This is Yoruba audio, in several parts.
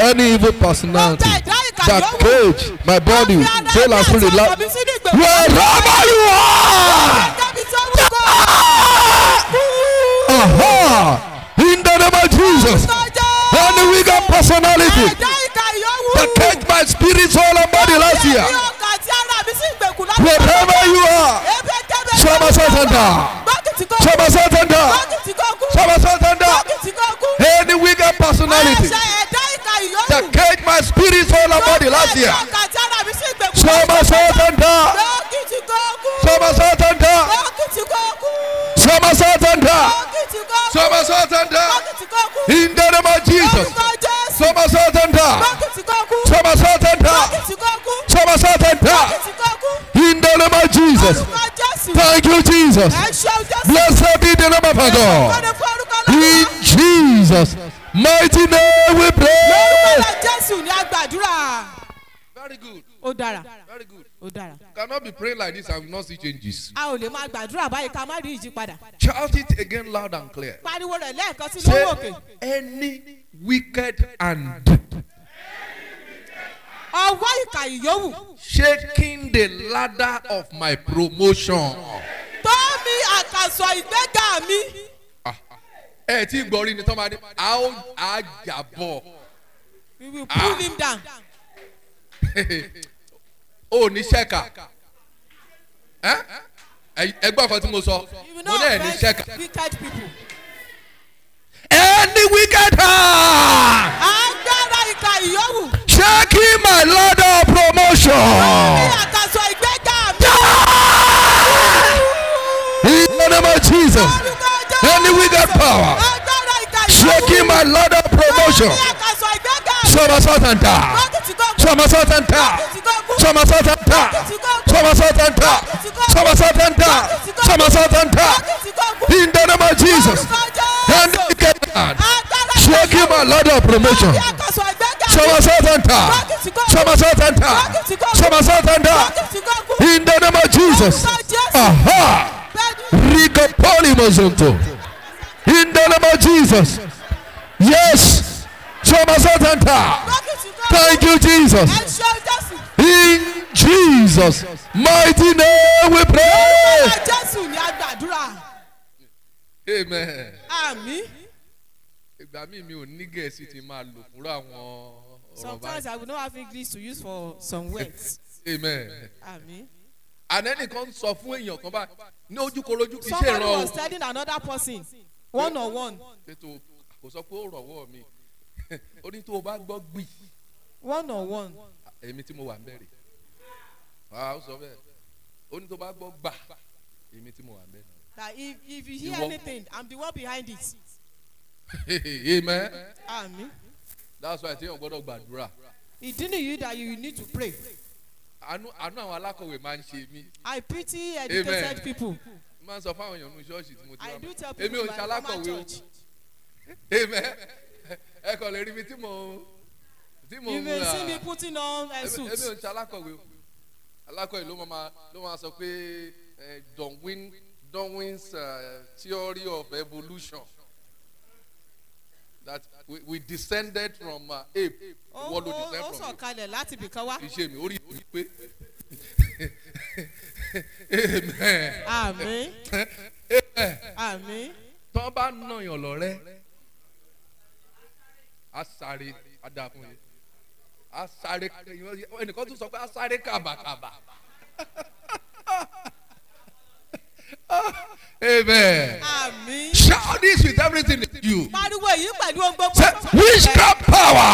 any evil personality that cage my body till I fully life wherever you are. Aha! In the name of Jesus, any wicked personality that cage my spirit, soul, and body last year, wherever you are, Shama Santa. Shama Santa. Shama Santa. Any wicked personality. The cage my spirit soul and body last year. So my soul and die. So my soul and die. So my soul and die. So my soul In the name of Jesus. So my soul and die. So my soul and In the name of Jesus. Thank you, Jesus. Blessed be the name of our God. In Jesus' mighty name we pray. gbàdúrà. very good. ó dára. very good. ó dára. you cannot be praying like this and not see changes. a ò lè máa gbàdúrà báyìí ká má rí ìyípadà. shout it again loud and clear. pariwo rẹ̀ lẹ́ẹ̀kan sí lówó òkè. say any wicked and. ọwọ́ ìkà ìyówù. shaking the ladder of my promotion. tó mi àkàsọ̀ ìgbéga mi. Ah, ah. ẹ ti gbọ́ rí ni tọ́ ma dé a ó jà bọ̀ we will pull ah. him down. o oh, ní ṣẹ́ka ẹgbẹ́ ọ̀kan tí mo sọ mo ní ẹ̀ ní ṣẹ́ka. ẹni wicked heart. agbára ìka ìyówù. ṣé kí my lord promotion. wọ́n ní àkàsọ in the name of Jesus any wicked power. agbára my lord of promotion. Soma sotanta. Soma sotanta. Soma sotanta. Soma sotanta. Soma sotanta. Soma sotanta. In the name of Jesus. And get that. Shake him a lot of promotion. Soma sotanta. Soma sotanta. Soma sotanta. In the name of Jesus. Aha. Rico Polymozonto. In the name of Jesus. Yes. Thank you, Jesus. In Jesus' mighty name we pray. Amen. Amen. ìgbà míì mi ò ní gẹ̀ẹ́sì tí máa lò fúnra àwọn ọ̀rọ̀ báyìí. sometimes i will not have english to use for some words. amen. amen. ànẹ́nì kan sọ fún èèyàn kan báyìí ní ojúkorojú kì í ṣe ìran o. somebody was telling another person one on one. kò sọ pé ó rọ̀wọ́ mi ó ní tó o to gbọ́ gbo one on one. èmi tí mo wà ń bẹ̀rẹ̀ ah ó sọ bẹ́ẹ̀ ó ní tó o bá gbọ́ gbà èmi tí mo wà that if if you hear anything i'm the one behind it. amen. amen. that's why I tell God téèyàn gbọ́dọ̀ Didn't you that you need to pray. I know I alákọ̀wé máa ń ṣe mí. i pity educated amen. people. máa ń sọ fáwọn èèyàn nínú ṣọ́ọ̀ṣì tí mo ti i do tell people by formal church. amen. ẹ kàn lè rí mi tí mò tí mò ń múra you may see me putting on a suit. èmi ò ń ṣe alákọ̀wé o alákọ̀wé ló máa ló máa sọ pé Darwin Darwin's uh, theory of evolution that we, descended from uh, ape. wọ́n ló descend from ape. ó sọ̀ kalẹ̀ láti ibìkan wá. ìṣe mi orí ìwé pé amen. àmín. tọ́ bá nàyàn lọ́rẹ́. asáré adáfún yìí asáré ẹnìkan tún sọ pé asáré kàbàkàbà amen. amen. shout this with everything in you. pariwo èyí pẹ̀lú ohun gbogbo. say witchcraft power.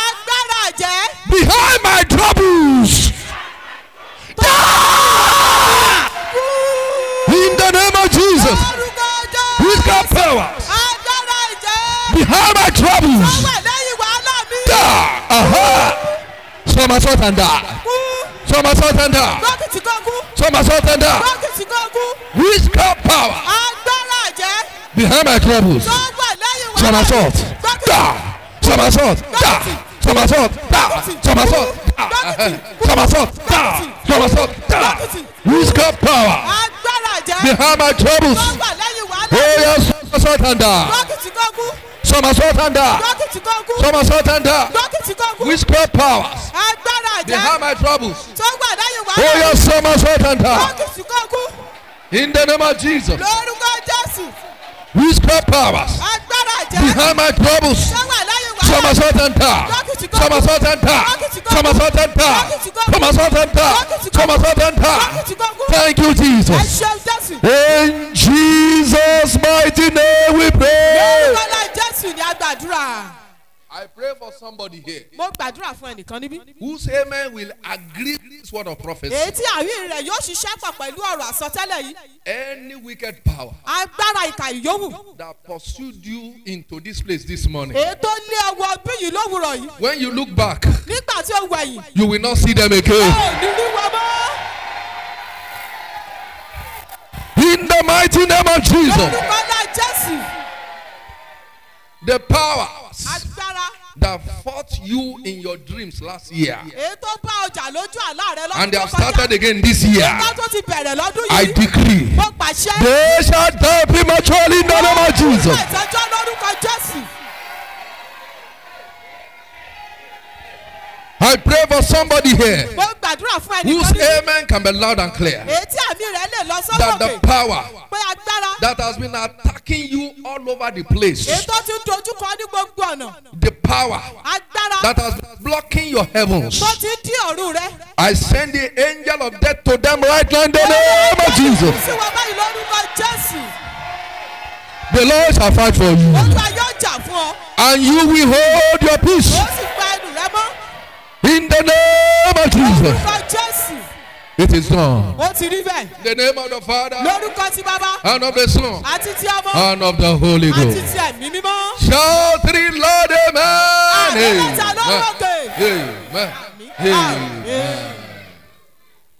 agbára jẹ́. behind my troubles. in the name of Jesus. witchcraft power. all my troubles. Da. aha. and da. sọ tanda. Sọ ma sọ tanda. Sọ ma sọ tanda. Which God power. Behind my troubles. Sọ ma sọ. Da. Sọ ma sọ. Da. Sọ ma sọ. Da. Sọ ma sọ. Da. Sọ ma sọ. Da. Sọ ma sọ. Da. Which God power. Behind my troubles. Oh yes, sọ ma and da Sọma sọ́tàn dà. Dókítì whisper Sọma sọ́tàn dà. Dókítì powers. Agbára àjá. They have my troubles. Tó gbàdá yìí wá. yẹ sọma sọ́tàn In the name of Jesus. whisper Jésù. Witchcraft powers. Agbára àjá. They have my troubles somasotanta somasotanta somasotanta somasotanta somasotanta thank you jesus in jesus mighty name we pray. I pray for somebody here. Mo gbàdúrà fún ẹnìkan níbí. Whose amen will agree with this word of prophecy? Èyí àwìn rẹ̀ yóò ṣiṣẹ́ pọ̀ pẹ̀lú ọ̀rọ̀ àsọtẹ́lẹ̀ yìí. Any wicked power. Agbára ìka ìyówù. That pursued you into this place this morning. Èyí tó ọwọ́ bí yìí lówùrọ̀ yìí. When you look back. Nígbà tí o wẹ̀yìn. You will not see them again. Ẹ ní rí mọ́. In the mighty name of Jesus. Olùkọ́ náà Jésù. The powers that fought you in your dreams last year. Ètò bá ọjà lójú àlá rẹ lọ́dún tó kọjá. And they have started again this year. Ètò tó ti bẹ̀rẹ̀ lọ́dún yìí. I decree. Mo pàṣẹ. They shall die prematurely in the name of Jesus. Ó ń lórúkọ Jésù. I pray for somebody here whose amen can be loud and clear. That the power alágbára. that has been attacking you all over the place. ètò ti dojú kọ ní gbogbo ọ̀nà. the power. agbára. that has been blocking your heavens. tó ti dí ọ̀run rẹ. I send the angel of death to them right now in the name of Jesus. sí wọn báyìí lórúkọ Jésù. The Lord shall fight for you. Olúwa yóò jà fún ọ. And you will hold your peace. Ó sì pa ẹnu rẹ mọ́. In the name of Jesus. Olúwa Jésù. It is done. Ó ti rí bẹ́ẹ̀. In the name of the Father. Lórúkọ ti bàbá. And of the Son. Àti ti ọmọ. And of the Holy Ghost. Àti ti ẹ̀mí mímọ́. Shout three Lord amen. Àmì Amen. Amen.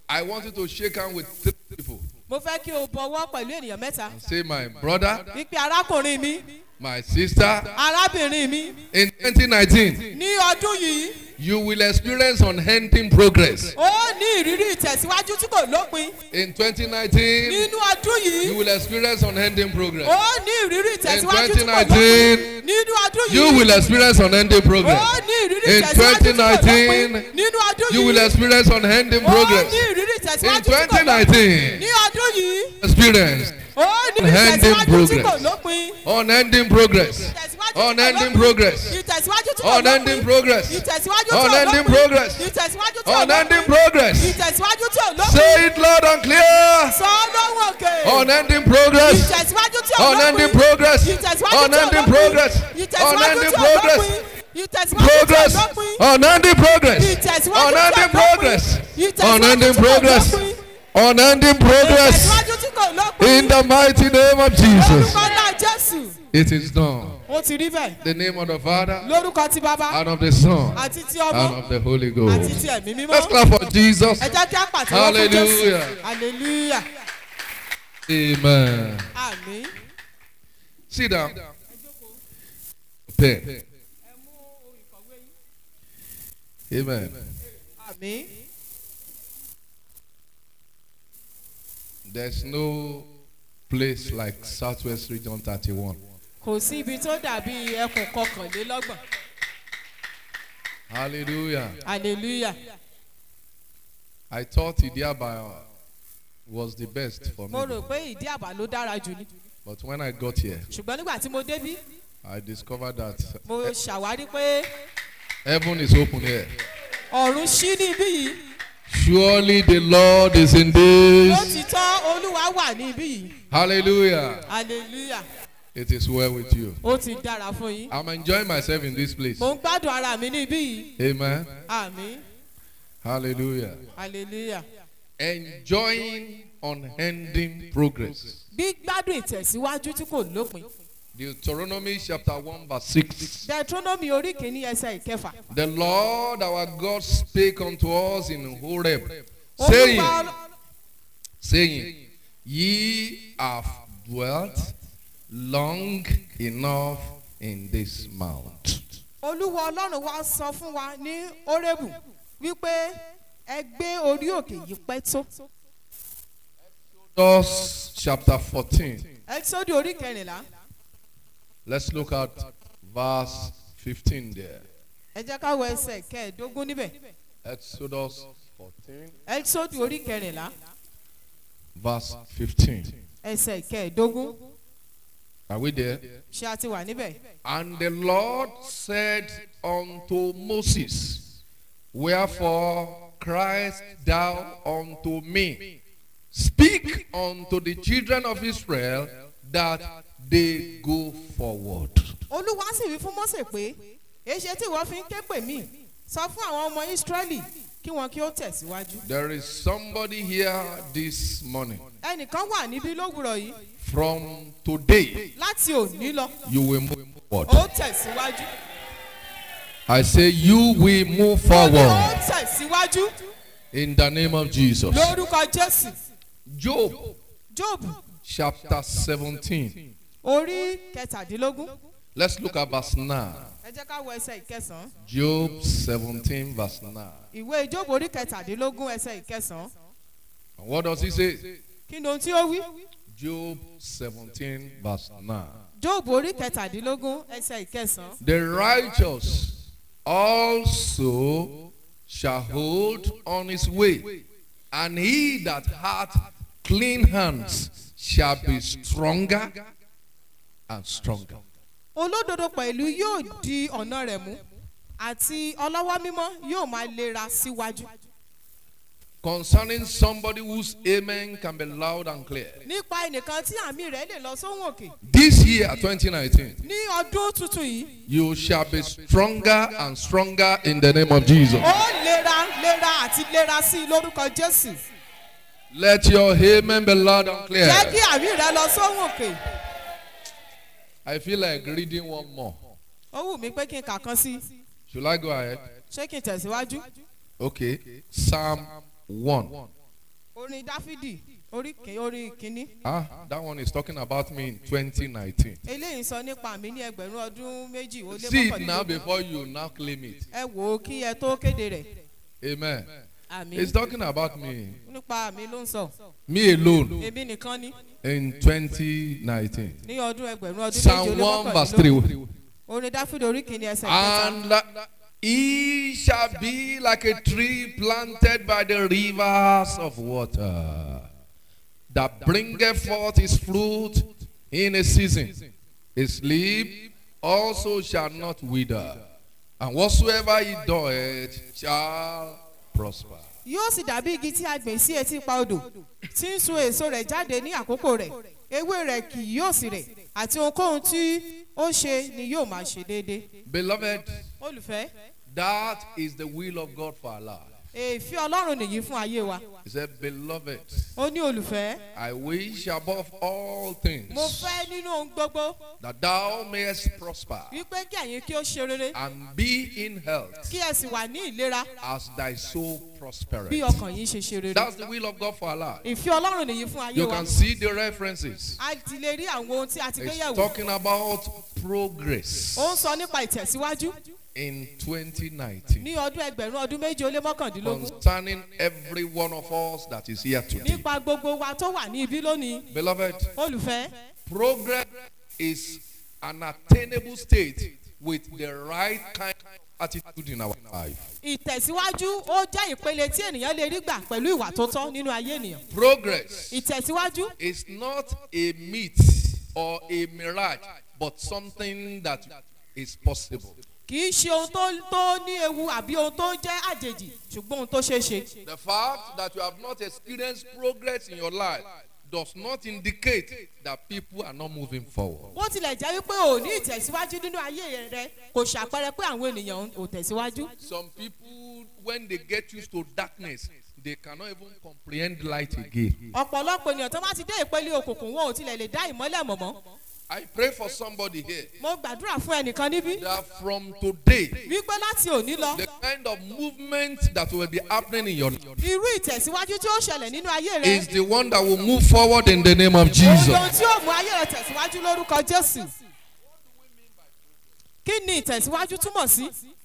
I want you to shake hands with three people. Mo fẹ́ kí o bọ̀wọ́ pẹ̀lú ènìyàn mẹ́ta. Say my brother. Ipe arákùnrin mi. My sister. Arábìnrin mi. In twenty nineteen. Ní ọdún yìí you will experience unending progress. ó ní ìrírí ìtẹ̀síwájú tí kò lópin. in twenty nineteen. nínú ọdún yìí. you will experience unending progress. ó ní ìrírí ìtẹ̀síwájú tí kò lópin. in twenty nineteen. nínú ọdún yìí. you will experience unending progress. ó ní ìrírí ìtẹ̀síwájú tí kò lópin. nínú ọdún yìí. you will experience unending progress. ó ní ìrírí ìtẹ̀síwájú tí kò lópin. in twenty nineteen. ní ọdún yìí. experience. ó ní ìrírí ìtẹ̀síwájú tí kò lópin. unending progress. unending progress. Unending progress. Unending progress. Unending progress. Unending progress. Say it loud and clear. Unending progress. Unending progress. Unending progress. Unending progress progress unending progress unending progress unending progress unending progress in the mighty name of Jesus. It is done. The name of the Father. Lord And of the Son. Àti And of the Holy Ghost. Àti Mímọ́. Let's clap for Jesus. Hallelujah. Hallelujah. Amen. Sit down. Pen. Amen. There's no place like Southwest Region 31. kò sí ibi tó dàbí ẹkùn kọkànlélọ́gbọ̀n. hallelujah. hallelujah. I thought Idiaba was the best for me. Mo rò pé Idiaba ló dára jù ni. But when I got here. Ṣùgbọ́n nígbà tí mo débí. I discovered that. Mo ṣàwárí pé. Heaven is open here. Ọ̀run ṣí níbí yìí. Surely the Lord is in this. Lótìtọ́ Olúwa wà níbí yìí. Hallelujah. Hallelujah. It is well with you. Ó ti dára fún yín. I'm enjoying myself in this place. Mo ń gbádùn ara mi ní yìí. Amen. Àmín. Hallelujah. Hallelujah. Enjoying unending progress. Gbígbádùn ìtẹ̀síwájú tí kò lópin. Deuteronomy chapter 1 verse 6. Deuteronomy orí kìíní ẹsẹ̀ ìkẹfà. The Lord our God spake unto us in Horeb, saying, saying, Ye have dwelt long enough in this mount. olúwa ọlọ́run wa sọ fún wa ní orébù wípé ẹ gbé orí òkè yìí pẹ́ tó. Exodus chapter fourteen. orí kẹrìnlá. Let's look at verse fifteen there. Ẹ jẹ́ ká wọ ẹsẹ̀ kẹẹ̀ẹ́dógún níbẹ̀. Exodus fourteen. Exodus orí kẹrìnlá. Verse fifteen. Ẹsẹ̀ kẹẹ̀ẹ́dógún. Are we there? And the Lord said unto Moses, Wherefore Christ thou unto me, Speak unto the children of Israel that they go forward. Olúwa sì wí fún Mósè pé, Èṣe tí ìwọ fi ń ké pè mí, sọ fún àwọn ọmọ Ísírẹ́lì there is somebody here this morning. from today. you will move forward. I say you will move forward. in the name of Jesus. Job. Job. chapter 17 kẹtàdínlógún. let's look at verse nine. Job seventeen verse nine. Job orí kẹtàdínlógún ẹsẹ̀ ìkẹsàn-án. And what does he say? Kí ni Job seventeen verse nine. The righteous also shall hold on his way, and he that hath clean hands shall be stronger and stronger. olódodo pẹ̀lú yóò di ọ̀nà rẹ̀ mú àti ọlọ́wọ́ mímọ́ yóò máa lera síwájú. Concerning somebody whose amen can be loud and clear. Nípa ẹnìkan tí àmì rẹ̀ lè lọ sóhun òkè. This year twenty nineteen. Ní ọdún tuntun yìí. You shall be stronger and stronger in the name of Jesus. Ó lera lera àti lera sí i lórúkọ Jésù. Let your amen be loud and clear. Jẹ́ kí àmì rẹ̀ lọ sóhun òkè. I feel like reading one more. Ó wù mí pé kí n kà kan sí. Should I go ahead? Ṣé kí n tẹ̀síwájú? Okay, Psalm one. Orin Dáfídì orí orí kínní. Ah, that one is talking about me in twenty nineteen. Eléyìí sọ nípa mi ní ẹgbẹ̀rún ọdún méjì ó lé mọ́kànlélógún. See it now before you now claim it. Ẹ wò ó kí ẹ tó kéde rẹ̀. Amen. Amen. He's talking about me. Me alone. In 2019. Psalm one verse three. Orin Dáfídì And he shall be like a tree planted by the rivers of water that bringeth forth his fruit in a season. His leaf also shall not wither. And whatsoever he doeth shall prosper. Yóò sì dàbí igi tí a gbìn sí etí pa odò, tí ń sun èso rẹ̀ jáde ní àkókò rẹ̀, ewé rẹ̀ kì yóò sì rẹ̀, àti ohunkóhun tí ó ṣe ni yóò máa ṣe déédéé. Beloved, olùfẹ́, that is the will of God for our life. Èéfín Ọlọ́run nìyí fún ayé wa. He said beloved. Ó ní olùfẹ́. I wish above all things. Mo fẹ́ nínú ohun gbogbo. That thou mayest prosper. Wípé kí ẹ̀yin kí ó ṣe rere. And be in health. Kí ẹ sì wà ní ìlera. As thy soul prospereth. Bí ọkàn yín ṣe ṣe rere. That's the will of God for our life. Ìfẹ́ Ọlọ́run nìyí fún ayé wa. You can see the references. A ti lè rí àwọn ohun tí a ti gbé yẹ̀wò. It's talking about progress. Ó ń sọ nípa ìtẹ̀síwájú in 2019. ní ọdún ẹgbẹ̀rún ọdún méje ó lé mọ́kàndínlógún. concerning every one of us that is here today. nípa gbogbo wa tó wà ní ibi lónìí. beloved. olùfẹ́. progress is an attainable state with the right kind of attitude in our life. ìtẹ̀síwájú ó jẹ́ ìpele tí ènìyàn lè rí gbà pẹ̀lú ìwà tó tọ́ nínú ayé ènìyàn. progress. ìtẹ̀síwájú. is not a myth or a mirage but something that is possible kì í ṣe ohun tó tó ní ewu àbí ohun tó jẹ́ àjèjì ṣùgbọ́n ohun tó ṣeé ṣe. the fact that you have not experienced progress in your life does not indicate that people are not moving forward. bó tilẹ̀ jẹ́ wípé ò ní ìtẹ̀síwájú nínú ayé rẹ kò ṣàpẹẹrẹ pé àwọn ènìyàn ò tẹ̀síwájú. some people when they get used to darkness they cannot even comprehend light again. ọ̀pọ̀lọpọ̀ ènìyàn tó bá ti dé ìpele òkùnkùn wọn ò tilẹ̀ lè dá ìmọ́lẹ̀ mọ̀mọ́. I pray for somebody here. That from today. The kind of movement that will be happening in your life. Is the one that will move forward in the name of Jesus.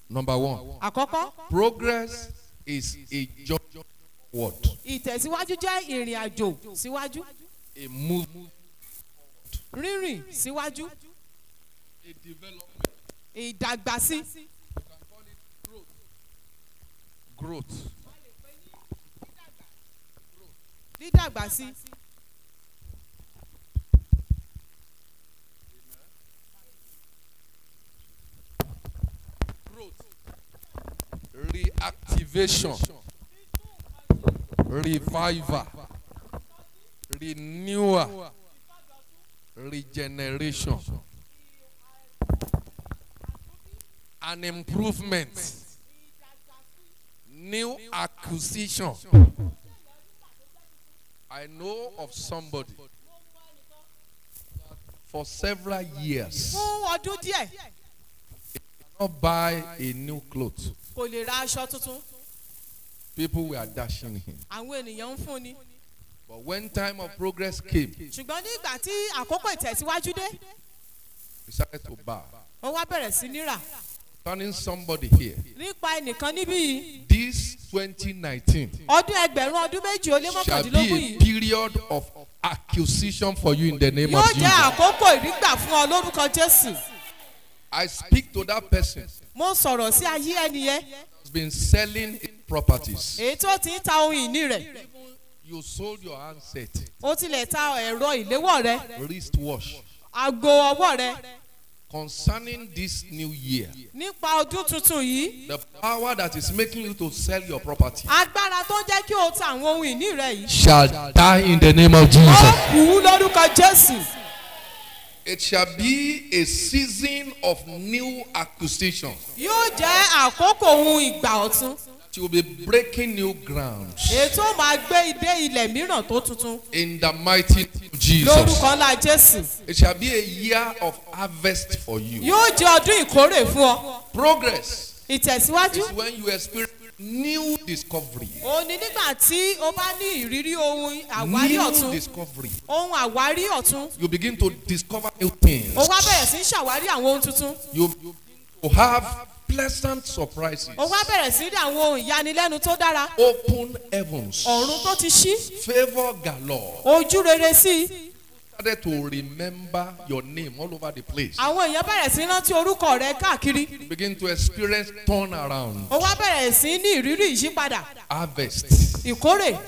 Number one. Progress is a journey forward. A movement. rírìn síwájú ìdàgbàsí. growth. dídàgbàsí. reactivation Reviver. Renewer regeneration, an improvement, new acquisition. I know of somebody for several years. Fún ọdún díẹ̀. He cannot buy a new cloth. People were dashing him. Àwọn ènìyàn ń fún But when time of progress came, ṣùgbọ́n ní tí àkókò ìtẹ̀síwájú dé, he started to bow. Ó wá bẹ̀rẹ̀ sí ní rà. Turning somebody here. Nípa ẹnìkan níbí This twenty nineteen. Ọdún ẹgbẹ̀rún ọdún méjì ó lé mọ́kàndínlógún yìí. Shall be a period of acquisition for you in the name of Jesus. Yóò jẹ́ àkókò ìrígbà fún ọ lórúkọ Jésù. I speak to that person. Mo sọ̀rọ̀ sí ayé ẹni yẹn. Has been selling properties. Èyí tó ti ń ta ohun ìní rẹ̀. You sold your handset. O tilẹ̀ ta ẹ̀rọ ìléwọ́ rẹ. Wrist watch. Aago ọwọ́ rẹ. Concerning this new year. Nípa ọdún tuntun yìí. The power that is making you to sell your property. Agbára tó jẹ́ kí o ta àwọn ohun ìní rẹ yìí. Shall die in the name of Jesus. Ó kú lórúkọ Jésù. It shall be a season of new acquisition. Yóò jẹ́ àkókò ohun ìgbà ọ̀tun. She will be breaking new ground. Ètò máa gbé ìdé ilẹ̀ mìíràn tó tuntun. In the mighty of Jesus. Lórúkọ ńlá Jésù. It shall be a year of harvest for you. Yóò jẹ́ ọdún ìkórè fún ọ. Progress. Ìtẹ̀síwájú. Is when you experience new discovery. o ní nígbà tí o bá ní ìrírí ohun àwárí ọ̀tún. new discovery. ohun àwárí ọ̀tún. you begin to discover new things. o wá bẹ̀rẹ̀ sí ṣàwárí àwọn ohun tuntun. you you have pleasant surprises. ó wá bẹ̀rẹ̀ sí àwọn ohun ìyanilẹ́nu tó dára. open heavens. ọ̀run tó ti ṣí. favour galore. ojú rere sí started to remember your name all over the place. àwọn èèyàn bẹ̀rẹ̀ sí rántí orúkọ rẹ káàkiri. begin to experience turn around. ó wá bẹ̀rẹ̀ sí ní ìrírí ìyípadà. harvest. ìkórè.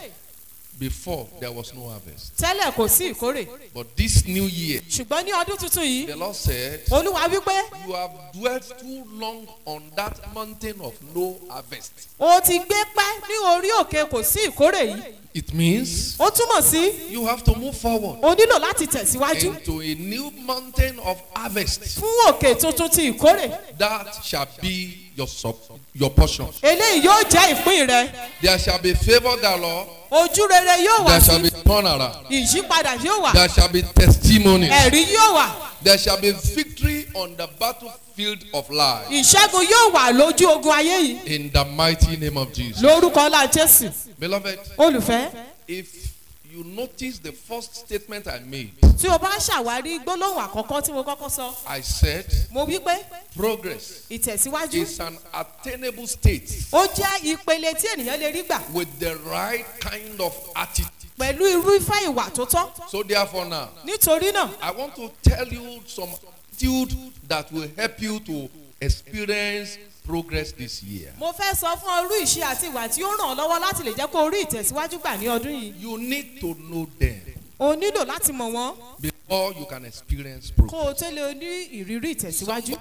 Before there was no harvest. Tẹ́lẹ̀ kò sí ìkórè. But this new year. Ṣùgbọ́n ní ọdún tuntun yìí. The Lord said. Olúwa wípé. You have dwelt too long on that mountain of no harvest. O ti gbé pẹ́ ní orí òkè kò sí ìkórè yìí. It means. Ó túmọ̀ sí. You have to move forward. O nílò láti tẹ̀síwájú. Into a new mountain of harvest. Fún òkè tuntun ti ìkórè. That shall be your your portion. eléyìí yóò jẹ́ ìpín rẹ. there shall be favour galore. ojú rere yóò wà sí. there shall be turnaround. ìyípadà yóò wà. there shall be testimony. ẹ̀rí yóò wà. there shall be victory on the battlefield of life. ìṣẹ́gun yóò wà lójú ogun ayé yìí. in the mighty name of Jesus. lórúkọ ọlá Jésù. beloved. olùfẹ́. if you notice the first statement I made. Tí o bá ṣàwárí gbólóhùn àkọ́kọ́ tí mo kọ́kọ́ sọ. I said. Mo wí pé. Progress. Ìtẹ̀síwájú. is an attainable state. Ó jẹ́ ìpele tí ènìyàn lè rí gbà. With the right kind of attitude. Pẹ̀lú irú ifá ìwà tó tọ́. So therefore now. Nítorí náà. I want to tell you some attitude that will help you to experience progress this year. mo fẹ́ sọ fún ọrú ìṣe àti ìwà tí ó ràn ọ́ lọ́wọ́ láti lè jẹ́ kó orí ìtẹ̀síwájú gbà ní ọdún yìí. you need to know them. o nílò láti mọ̀ wọ́n. before you can experience progress. kó o tó lè ní ìrírí ìtẹ̀síwájú.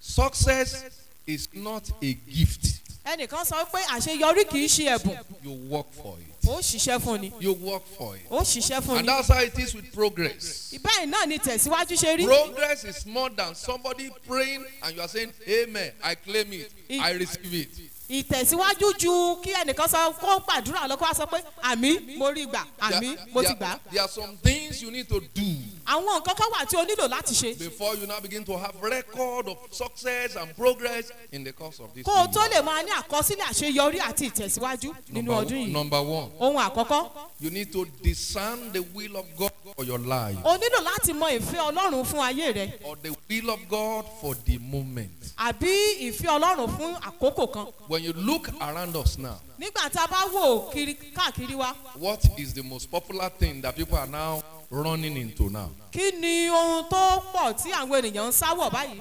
success is not a gift ẹnìkan sọ pé àṣeyọrí kì í ṣe ẹ̀bùn. you work for it. ó ṣiṣẹ́ fún ni. you work for it. ó ṣiṣẹ́ fún ni. and that's how it is with progress. ìbáyìí náà ni tẹ̀síwájú ṣe rí. progress is more than somebody praying and you are saying amen I claim it I receive it ìtẹ̀síwájú ju kí ẹnìkan sọ kó gbàdúrà lọ kó sọ pé àmì mo rí gbà àmì mo ti gbà. there are some things you need to do. àwọn nǹkan kan wà tí o nílò láti ṣe. before you now begin to have record of success and progress in the course of this. kó o tó lè máa ní àkọsílẹ̀ àṣeyọrí àti ìtẹ̀síwájú nínú ọdún yìí. number one. ohun àkọ́kọ́. you need to discern the will of God for your life. o nílò láti mọ ìfẹ́ ọlọ́run fún ayé rẹ. or the will of God for the moment. àbí ìfẹ́ ọlọ́run fún àkókò kan. when When you look around us now. Nígbà tá a bá wò kiri káàkiri wa. What is the most popular thing that people are now running into now? Kí ni ohun tó pọ̀ tí àwọn ènìyàn ń sáwọ̀ báyìí?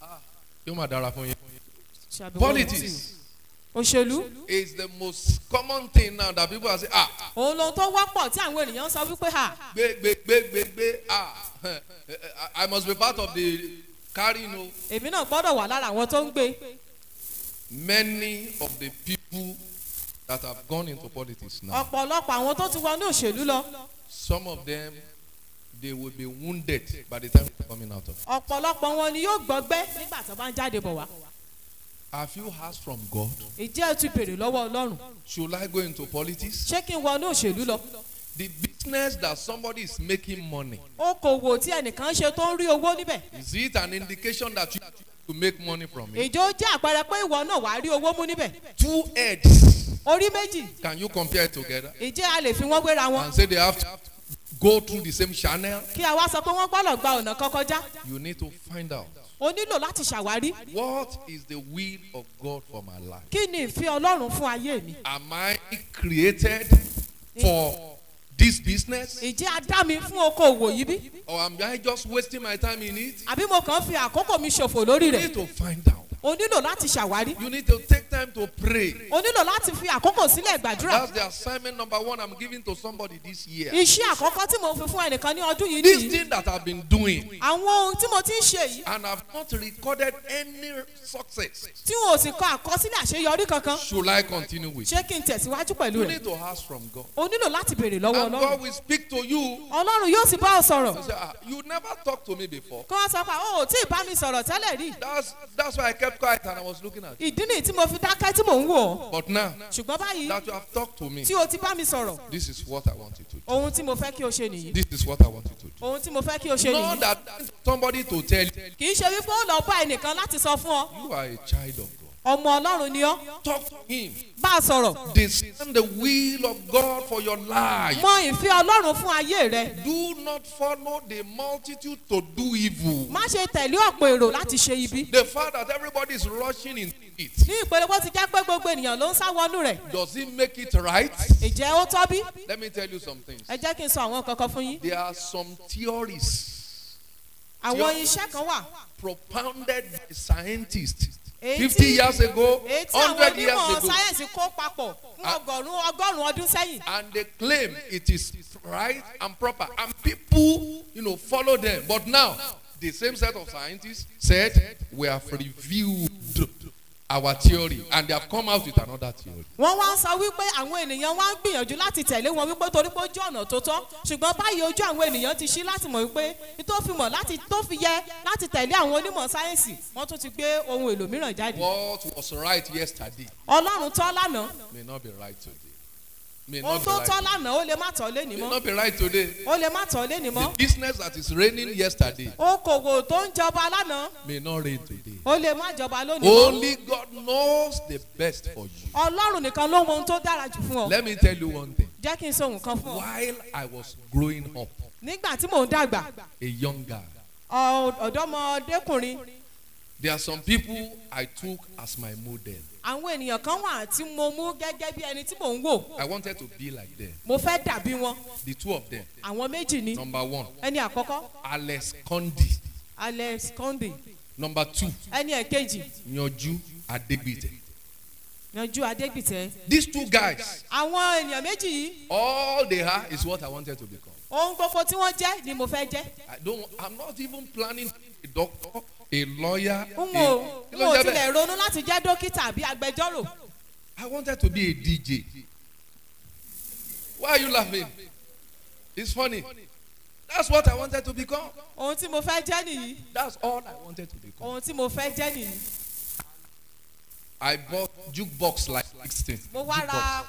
Ah, yóò máa dára fún yín. Politics. Òṣèlú. Is the most common thing now that people are saying ah. Òun ah. lohun tó wọ́pọ̀ tí àwọn ènìyàn ń sọ wípé ha. Ah. Gbé gbé gbé gbé gbé ah I must be part of the carrying o. Èmi náà gbọ́dọ̀ wà lára àwọn tó ń gbé many of the people that have gone into politics now. ọ̀pọ̀lọpọ̀ àwọn tó ti wọnú òṣèlú lọ. some of them they will be wounded by the time they coming out of. ọ̀pọ̀lọpọ̀ wọn ni yóò gbọ́gbẹ́ nígbà tó bá ń jáde bọ̀ wá. have you heard from God. ìjẹ́ ẹ ti bèrè lọ́wọ́ Ọlọ́run. should I go into politics. ṣé kí n wọnú òṣèlú lọ. the business that somebody is making money. okòwò tí ẹnìkan ṣe tó ń rí owó níbẹ̀. is it an indication that you to make money from it. ìjọ jẹ́ àpẹẹrẹ pé ìwọ náà wàá rí owó mú níbẹ̀. two heads. orí méjì. can you compare together. ìjẹ́ a lè fi wọ́n gbéra wọn. and say they have to go through the same channel. kí a wá sọ pé wọ́n gbọ́dọ̀ gba ọ̀nà kan kọjá. you need to find out. o nílò láti ṣàwárí. what is the will of God for my life. kí ni ìfẹ́ ọlọ́run fún ayé mi. am I created for this business? Ǹjẹ́ a mi fún okòwò yìí bí? Or am I just wasting my time in it? Àbí mo kàn fi àkókò mi ṣòfò lórí rẹ̀? You need to find out o nílò láti ṣàwárí. you need to take time to pray. o nílò láti fi àkókò sílẹ̀ gbàdúrà. that's the assignment number one i'm giving to somebody this year. iṣẹ́ àkọ́kọ́ tí mo fi fún ẹnìkan ní ọdún yìí nìyí. this thing that i've been doing. àwọn ohun tí mo ti ń ṣe yìí. and i've not recorded any success. tí n ò sì kọ àkọsílẹ̀ àṣeyọrí kankan. should i continue with. ṣé kí n tẹ̀síwájú pẹ̀lú rẹ̀. you need to ask from God. o nílò láti béèrè lọ́wọ́ ọlọ́run. and God will speak to you. ọlọ́run yóò sì bá ọ sọ̀rọ̀. you ah, never talk to me before. kọ́ sọ pé o oh, ò tí ì bá mi sọ̀rọ̀ tẹ́lẹ̀ rí. that's that's why i kept kept quiet and I was looking at you. Ìdí nìyí tí mo fi dákẹ́ tí mò ń wò. But now. Ṣùgbọ́n báyìí. That you have talked to me. Tí o ti bá mi sọ̀rọ̀. This is what I want you to do. Ohun tí mo fẹ́ kí o ṣe nìyí. This is what I want you to do. Ohun tí mo fẹ́ kí o ṣe nìyí. Not that somebody to tell you. Kì í ṣe wípé ó lọ bá ẹnìkan láti sọ fún ọ. You are a child of God ọmọ ọlọ́run ni ọ́. talk to him. bá a sọ̀rọ̀. discern the will of God for your life. mọ ìfẹ́ ọlọ́run fún ayé rẹ. do not follow the multitude to do evil. má ṣe tẹ̀lé ọ̀pọ̀ èrò láti ṣe ibi. the fact that everybody is rushing in it. ní ìpele bó ti jẹ́ pé gbogbo ènìyàn ló ń sá wọnú rẹ̀. does it make it right. ìjẹ́ ó tọ́ bí. let me tell you some things. ẹ jẹ́ kí n sọ àwọn kankan fún yín. there are some theories. àwọn iṣẹ́ kan wà. propounded by scientists. fifty years ago hundred years ago. Ah. and they claim it is right and proper and people you know, follow them but now the same set of scientists said we have reviewed our theory and they have come out with another theory. wọ́n wá sọ wípé àwọn ènìyàn wá ń gbìyànjú láti tẹ̀lé wọn wípé torí pé ojú ọ̀nà tó tọ́ ṣùgbọ́n báyìí ojú àwọn ènìyàn ti ṣí láti mọ̀ wípé tó fi mọ̀ láti tó fi yẹ láti tẹ̀lé àwọn onímọ̀ sáyẹ́ǹsì wọ́n tún ti gbé ohun èlò mìíràn jáde. what was right yesterday. ọlọ́run tọ́ lánàá. may not be right today ohun tó tọ́ lánàá ó lè má tọ́ lé ní mọ́. not be right today. ó lè má tọ́ lé ní mọ́. the business that is raining yesterday. okòwò tó ń jọba lánàá. not rain today. ó lè má jọba lónìí mọ́. only God knows the best for you. ọlọ́run nìkan ló mọ ohun tó dára jù fún ọ. let me tell you one thing. jẹ́ kí n sọ nǹkan fún ọ. while I was growing up. nígbà tí mò ń dàgbà. a young girl. ọ̀dọ́mọdékùnrin. there are some people I took as my model àwọn ènìyàn kan wà tí mo mú gẹ́gẹ́ bí ẹni tí mò ń wò. I wanted to be like them. mo fẹ́ dàbí wọn. the two of them. àwọn méjì ni. number one. ẹni àkọ́kọ́. Alex Kondi. Alex Kondi. number two. ẹni ẹ̀kejì. yanju adegbite. yanju adegbite. these two guys. àwọn ènìyàn méjì yìí. all they are is what I wanted to become. ohun gbogbo tí wọ́n jẹ́ ni mo fẹ́ jẹ́. I don't I'm not even planning to be a doctor a lawyer. n wo n wo tilẹ̀ ronú láti jẹ́ dókítà àbí agbẹjọ́rò. I wanted to be a DJ. Why are you laughing? It's funny. That's what I wanted to become. Ohun tí mo fẹ́ jẹ́ nìyí. That's all I wanted to become. Ohun tí mo fẹ́ jẹ́ nìyí. I bought jukebox like sixteen. Mo wá ra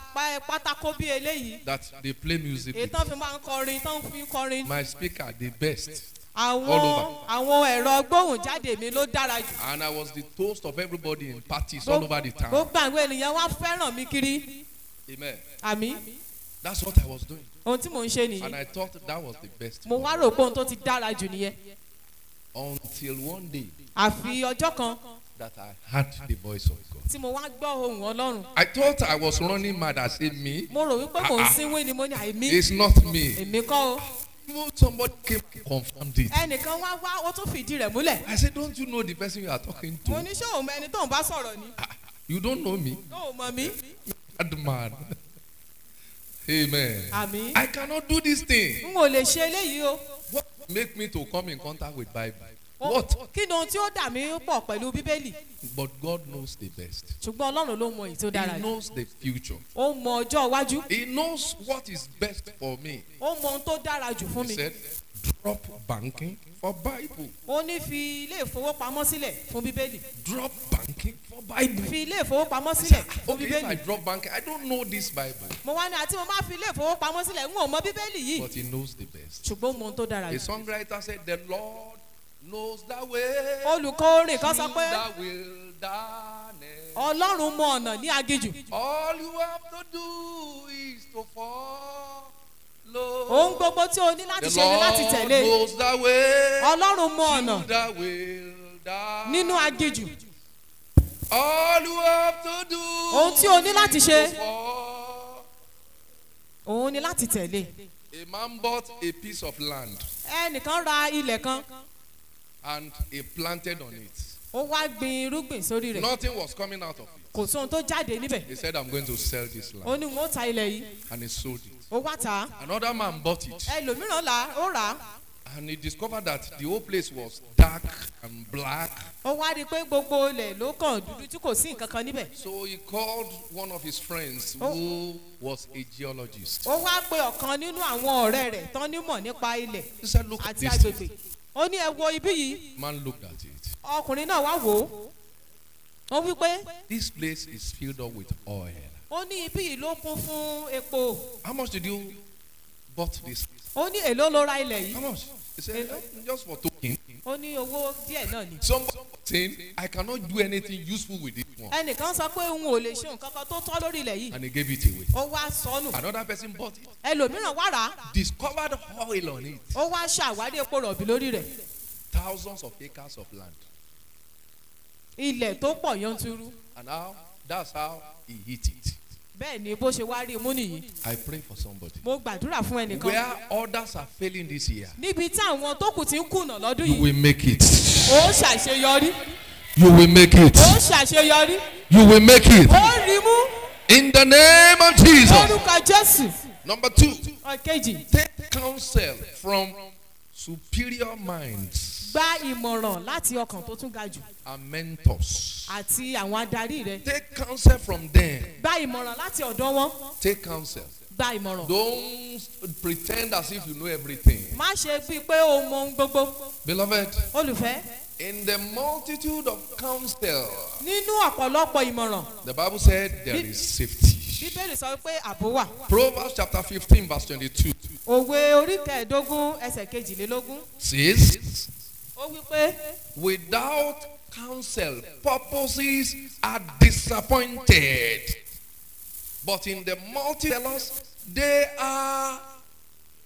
pátákó bí eléyìí. That they play music. Èyí tán fi máa ń kọrin tán fi ń kọrin. My speaker the best. Àwọn àwọn ẹ̀rọ gbóhùnjáde mi ló dára jù. And I was the toast of everybody in parties all over the town. Gbogbo àwọn ènìyàn wá fẹ́ràn mi kiri. Amen. Àmì. That's what I was doing. Ohun tí mò ń ṣe nìyí. And I thought that was the best. Mo wá rò pé ohun tó ti dára jù nìyẹn. Until one day. Àfi ọjọ́ kan that I heard the voice of God. Tí mo wá gbọ́ ohùn Ọlọ́run. I thought I was running mad as in me. Mo rò wípé mò ń ah, ah. sínwé ni mo ní àìmí. It's not me. Èmi kọ́ o. Even somebody came and confirmed it. Ẹnìkan wá wá ó tún fìdí rẹ̀ múlẹ̀. I said don't you know the person you are talking to? Mo ní ṣé òun ẹni tó ń bá sọ̀rọ̀ ni. Ah, you don't know me. O ò mọ̀ mí. Bad man. Amen. Àmín. I cannot do this thing. N ò lè ṣe eléyìí o. What make me to come in contact with Bible? What? Kí ni ohun tí ó dà mí pọ̀ pẹ̀lú Bíbélì? But God knows the best. Ṣùgbọ́n Ọlọ́run ló mọ èyí tó dára jù. He knows the future. Ó mọ ọjọ́ iwájú. He knows what is best for me. Ó mọ ohun tó dára jù fún mi. He said drop banking for Bible. Ó ní fi ilé ìfowópamọ́ sílẹ̀ fún Bíbélì. Drop banking for Bible. Fi ilé ìfowópamọ́ sílẹ̀ fún Bíbélì. Okay, if I drop banking, I don't know this Bible. Mo wá ní àti mo máa fi ilé ìfowópamọ́ sílẹ̀, n ò mọ Bíbélì yìí. But he knows the best. Ṣùgbọ́n mo ń tó dára jù. A songwriter said the Lord knows the way. olùkọ́ orin kan sọ pé. through the wilderness. ọlọ́run mọ ọ̀nà ní aginjù. all you have to do is to fall. Ohun gbogbo tí o ní láti ṣe ni láti tẹ̀lé. Ọlọ́run mọ ọ̀nà nínú aginjù. Ohun tí o ní láti ṣe òun ni láti tẹ̀lé. A man bought a piece of land. Ẹnìkan ra ilẹ̀ kan and he planted on it. ó wá gbin irúgbìn sórí rẹ̀. nothing was coming out of it. kò sóhun tó jáde níbẹ̀. he said i'm going to sell this land. ó ní wọn ta ilẹ̀ yìí. and he sold it. ó wá tà á. another man bought it. ẹlòmíràn là ó rà á. and he discovered that the whole place was dark and black. ó wá rí i pé gbogbo ilẹ̀ ló kàn dúdú tí kò sí nǹkan kan níbẹ̀. so he called one of his friends who was a geologist. ó wá pe ọ̀kan nínú àwọn ọ̀rẹ́ rẹ̀ tán nímọ̀ nípa ilẹ̀ àti agbègbè. he said look at this thing ó ní ẹ wo ibí yìí. man looked at it. ọkùnrin náà wá wò ó. ó wí pé. this place is filled up with oil. ó ní ibí yìí ló kún fún epo. how much did you bought this. ó ní èló ló ra ilẹ̀ yìí. how much. he said just for token. ó ní owó díẹ̀ náà ni. somebody saying I cannot do anything useful with it fún ọ. ẹnìkan sọ pé òun ò lè ṣe nǹkan kan tó tọ́ lórí ilẹ̀ yìí. and he gave it away. ó wá sọnù. another person bought it. ẹlòmíràn wá rà á. discovered oil on it. ó wá ṣàwádìí epo rọ̀bì lórí rẹ̀. thousands of acres of land. ilẹ̀ tó pọ̀ yanturu. and now that's how he hit it. bẹ́ẹ̀ ni bó ṣe wá rí imú nìyí. I pray for somebody. mo gbàdúrà fún ẹnìkan. where others are failing this year. níbi tí àwọn tó kù ti ń kùnà lọ́dún yìí. you will make it. ó ṣàṣeyọrí. You will make it. Ó ṣàṣeyọrí. You will make it. Ó rí mú. In the name of Jesus. Lórúkọ Jésù. Number two. Ọ̀kejì. Take counsel from superior minds. Gba ìmọ̀ràn láti ọkàn tó tún ga jù. And mentors. Àti àwọn adarí rẹ. Take counsel from them. Gba ìmọ̀ràn láti ọ̀dọ̀ wọn. Take counsel. Gba ìmọ̀ràn. Don't pretend as if you know everything. Má ṣe bíi pé o mọ ohun gbogbo. Beloved. Olùfẹ́. In the multitude of counsel. Nínú ọ̀pọ̀lọpọ̀ ìmọ̀ràn. The Bible said there is safety. Bíbélì sọ pé àbò wà. Proverbs chapter fifteen verse twenty-two. Òwe orí kẹẹ̀ẹ́dógún ẹsẹ̀ kejìlélógún. Six. Ó wí pé. Without counsel purposes are disappointed but in the multi-dwellers they are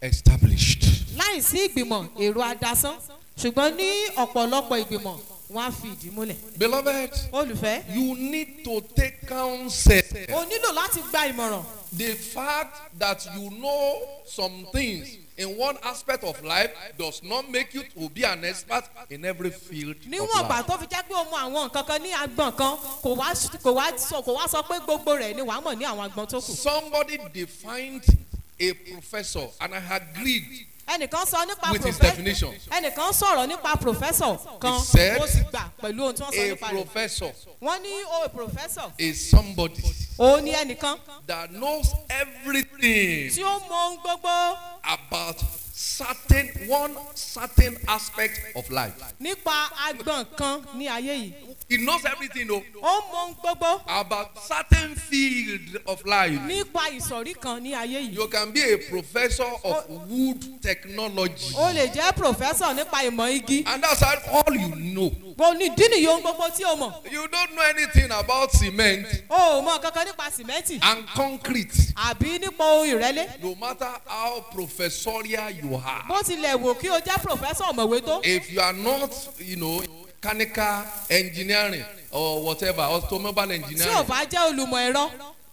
established. Láìsí ìgbìmọ̀ èrò adásán ṣùgbọ́n ní ọ̀pọ̀lọpọ̀ ìgbìmọ̀ wọ́n á fi ìdí múlẹ̀. beloved olùfẹ́. you need to take counsel. o nílò láti gba ìmọ̀ràn. the fact that you know some things in one aspect of life does not make you to be an expert in every field of life. níwọ̀n ìgbà tó fi jẹ́ pé o mọ àwọn nǹkan kan ní agbọ̀n kan kò wá sọ kò wá sọ pé gbogbo rẹ̀ ni wàá mọ̀ ní àwọn agbọ̀n tó kù. somebody defined a professor and I agreed ẹnìkan sọ nípa professor ẹnìkan sọ̀rọ̀ nípa professor kan ó sì gbà pẹ̀lú ohun tí wọ́n sọ nípa rẹ̀ wọ́n ní o oh, professor is somebody òun ni ẹnìkan that knows everything tí ó mọ ohun gbogbo about certain one certain aspect of life. nípa agbọ̀n kan ní ayé yìí. he knows everything o. ó mọ ohun gbogbo. about certain field of life. nípa ìsọ̀rí kan ní ayé yìí. you can be a professor of wood technology. o lè jẹ́ professor nípa ìmọ̀ igi. and that's all you know. kò ní dínì yóò gbogbo tí o mọ̀. you don't know anything about cement. o ò mọ kankan nípa cement. and concrete. àbí nípa ohun ìrẹ́lé. no matter how professorial you you are. bó tilẹ̀ wò kí o jẹ́ professor ọ̀mọ̀wé tó. if you are not you know, mechanical engineering or whatever automobile engineering. tí o bá jẹ́ olùmọ̀ ẹ̀rọ.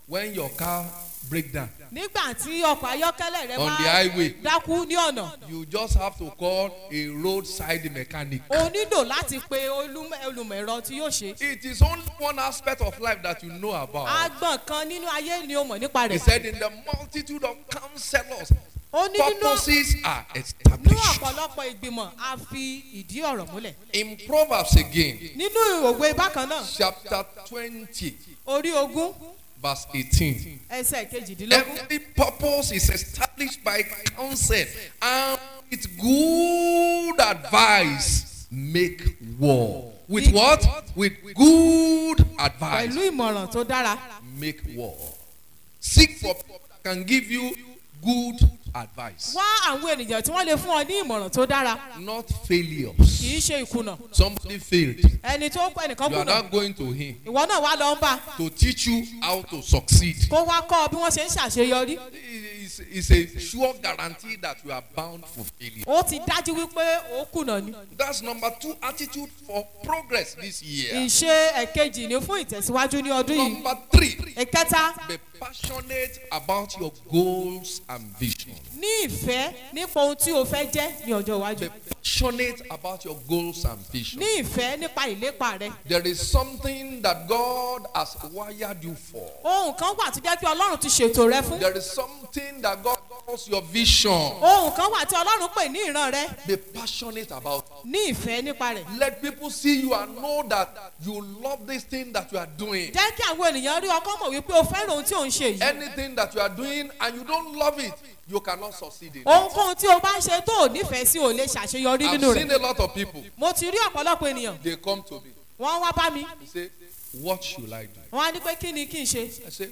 when your car break down. nígbà tí ọkọ̀ ayọ́kẹ́lẹ́ rẹ máa dákú ní ọ̀nà. you just have to call a roadside mechanic. o nílò láti pe olùmọ̀ẹ̀rọ tí yóò ṣe. it is only one aspect of life that you know about. agbọ̀n kan nínú ayé ni o mọ̀ nípa rẹ̀. he said in the multitude of counsellors purposes are established. Nínú ọ̀pọ̀lọpọ̀ ìgbìmọ̀, a fi ìdí ọ̀rọ̀ múlẹ̀. In Proverbs again. Nínú ìwòwe bákan náà. Chapter twenty. Orí ogún. Verse eighteen. Ẹsẹ̀ kejìdínlógún. Every purpose is established by counsel and with good advice make war. With what? With good advice. Pẹ̀lú ìmọ̀ràn tó dára. Make war. Seek for people that can give you good advice. wá àwọn ènìyàn tí wọ́n lè fún ọ ní ìmọ̀ràn tó dára. not failures. kì í ṣe ìkùnà. somebody failed. ẹni tó kọ ẹnìkan kùnà. you are not going to him. ìwọ náà wá lọ to teach you how to succeed. kó wá kọ́ ọ bí wọ́n ṣe ń ṣàṣeyọrí is is a sure guarantee that you are bound for failure. ó ti dájú wípé ó kùnà ni. that's number two attitude for progress this year. ìṣe ẹ̀kejì ni fún ìtẹ̀síwájú ní ọdún yìí. number three. ẹ̀kẹta. be passionate about your goals and visions ní ìfẹ́ nípa ohun tí o fẹ́ jẹ́ ní ọjọ́ iwájú. be passionate about your goals and vision. ní ìfẹ́ nípa ìlépa rẹ. there is something that God has wired you for. ohun kan wà tó jẹ́ pé Ọlọ́run ti ṣètò rẹ fún. there is something that God calls your vision. ohun kan wà tí ọlọ́run pè ní ìran rẹ. be passionate about ní ìfẹ́ nípa rẹ̀. let people see you and know that you love this thing that you are doing. jẹ́ kí àwọn ènìyàn rí ọkọ mọ̀ wípé o fẹ́ràn ohun tí ò ń ṣe yìí. anything that you are doing and you don't love it you cannot succeed in it. ohunkóhun tí o bá ń ṣe tó o nífẹ̀ẹ́ sí o lè ṣàṣeyọrí nínú rẹ̀. I have seen a lot of people. mo ti rí ọ̀pọ̀lọpọ̀ ènìyàn. they come to me. wọ́n wá bá mi. say what should I do. wọ́n á ní pé kí ni kí n ṣe. I say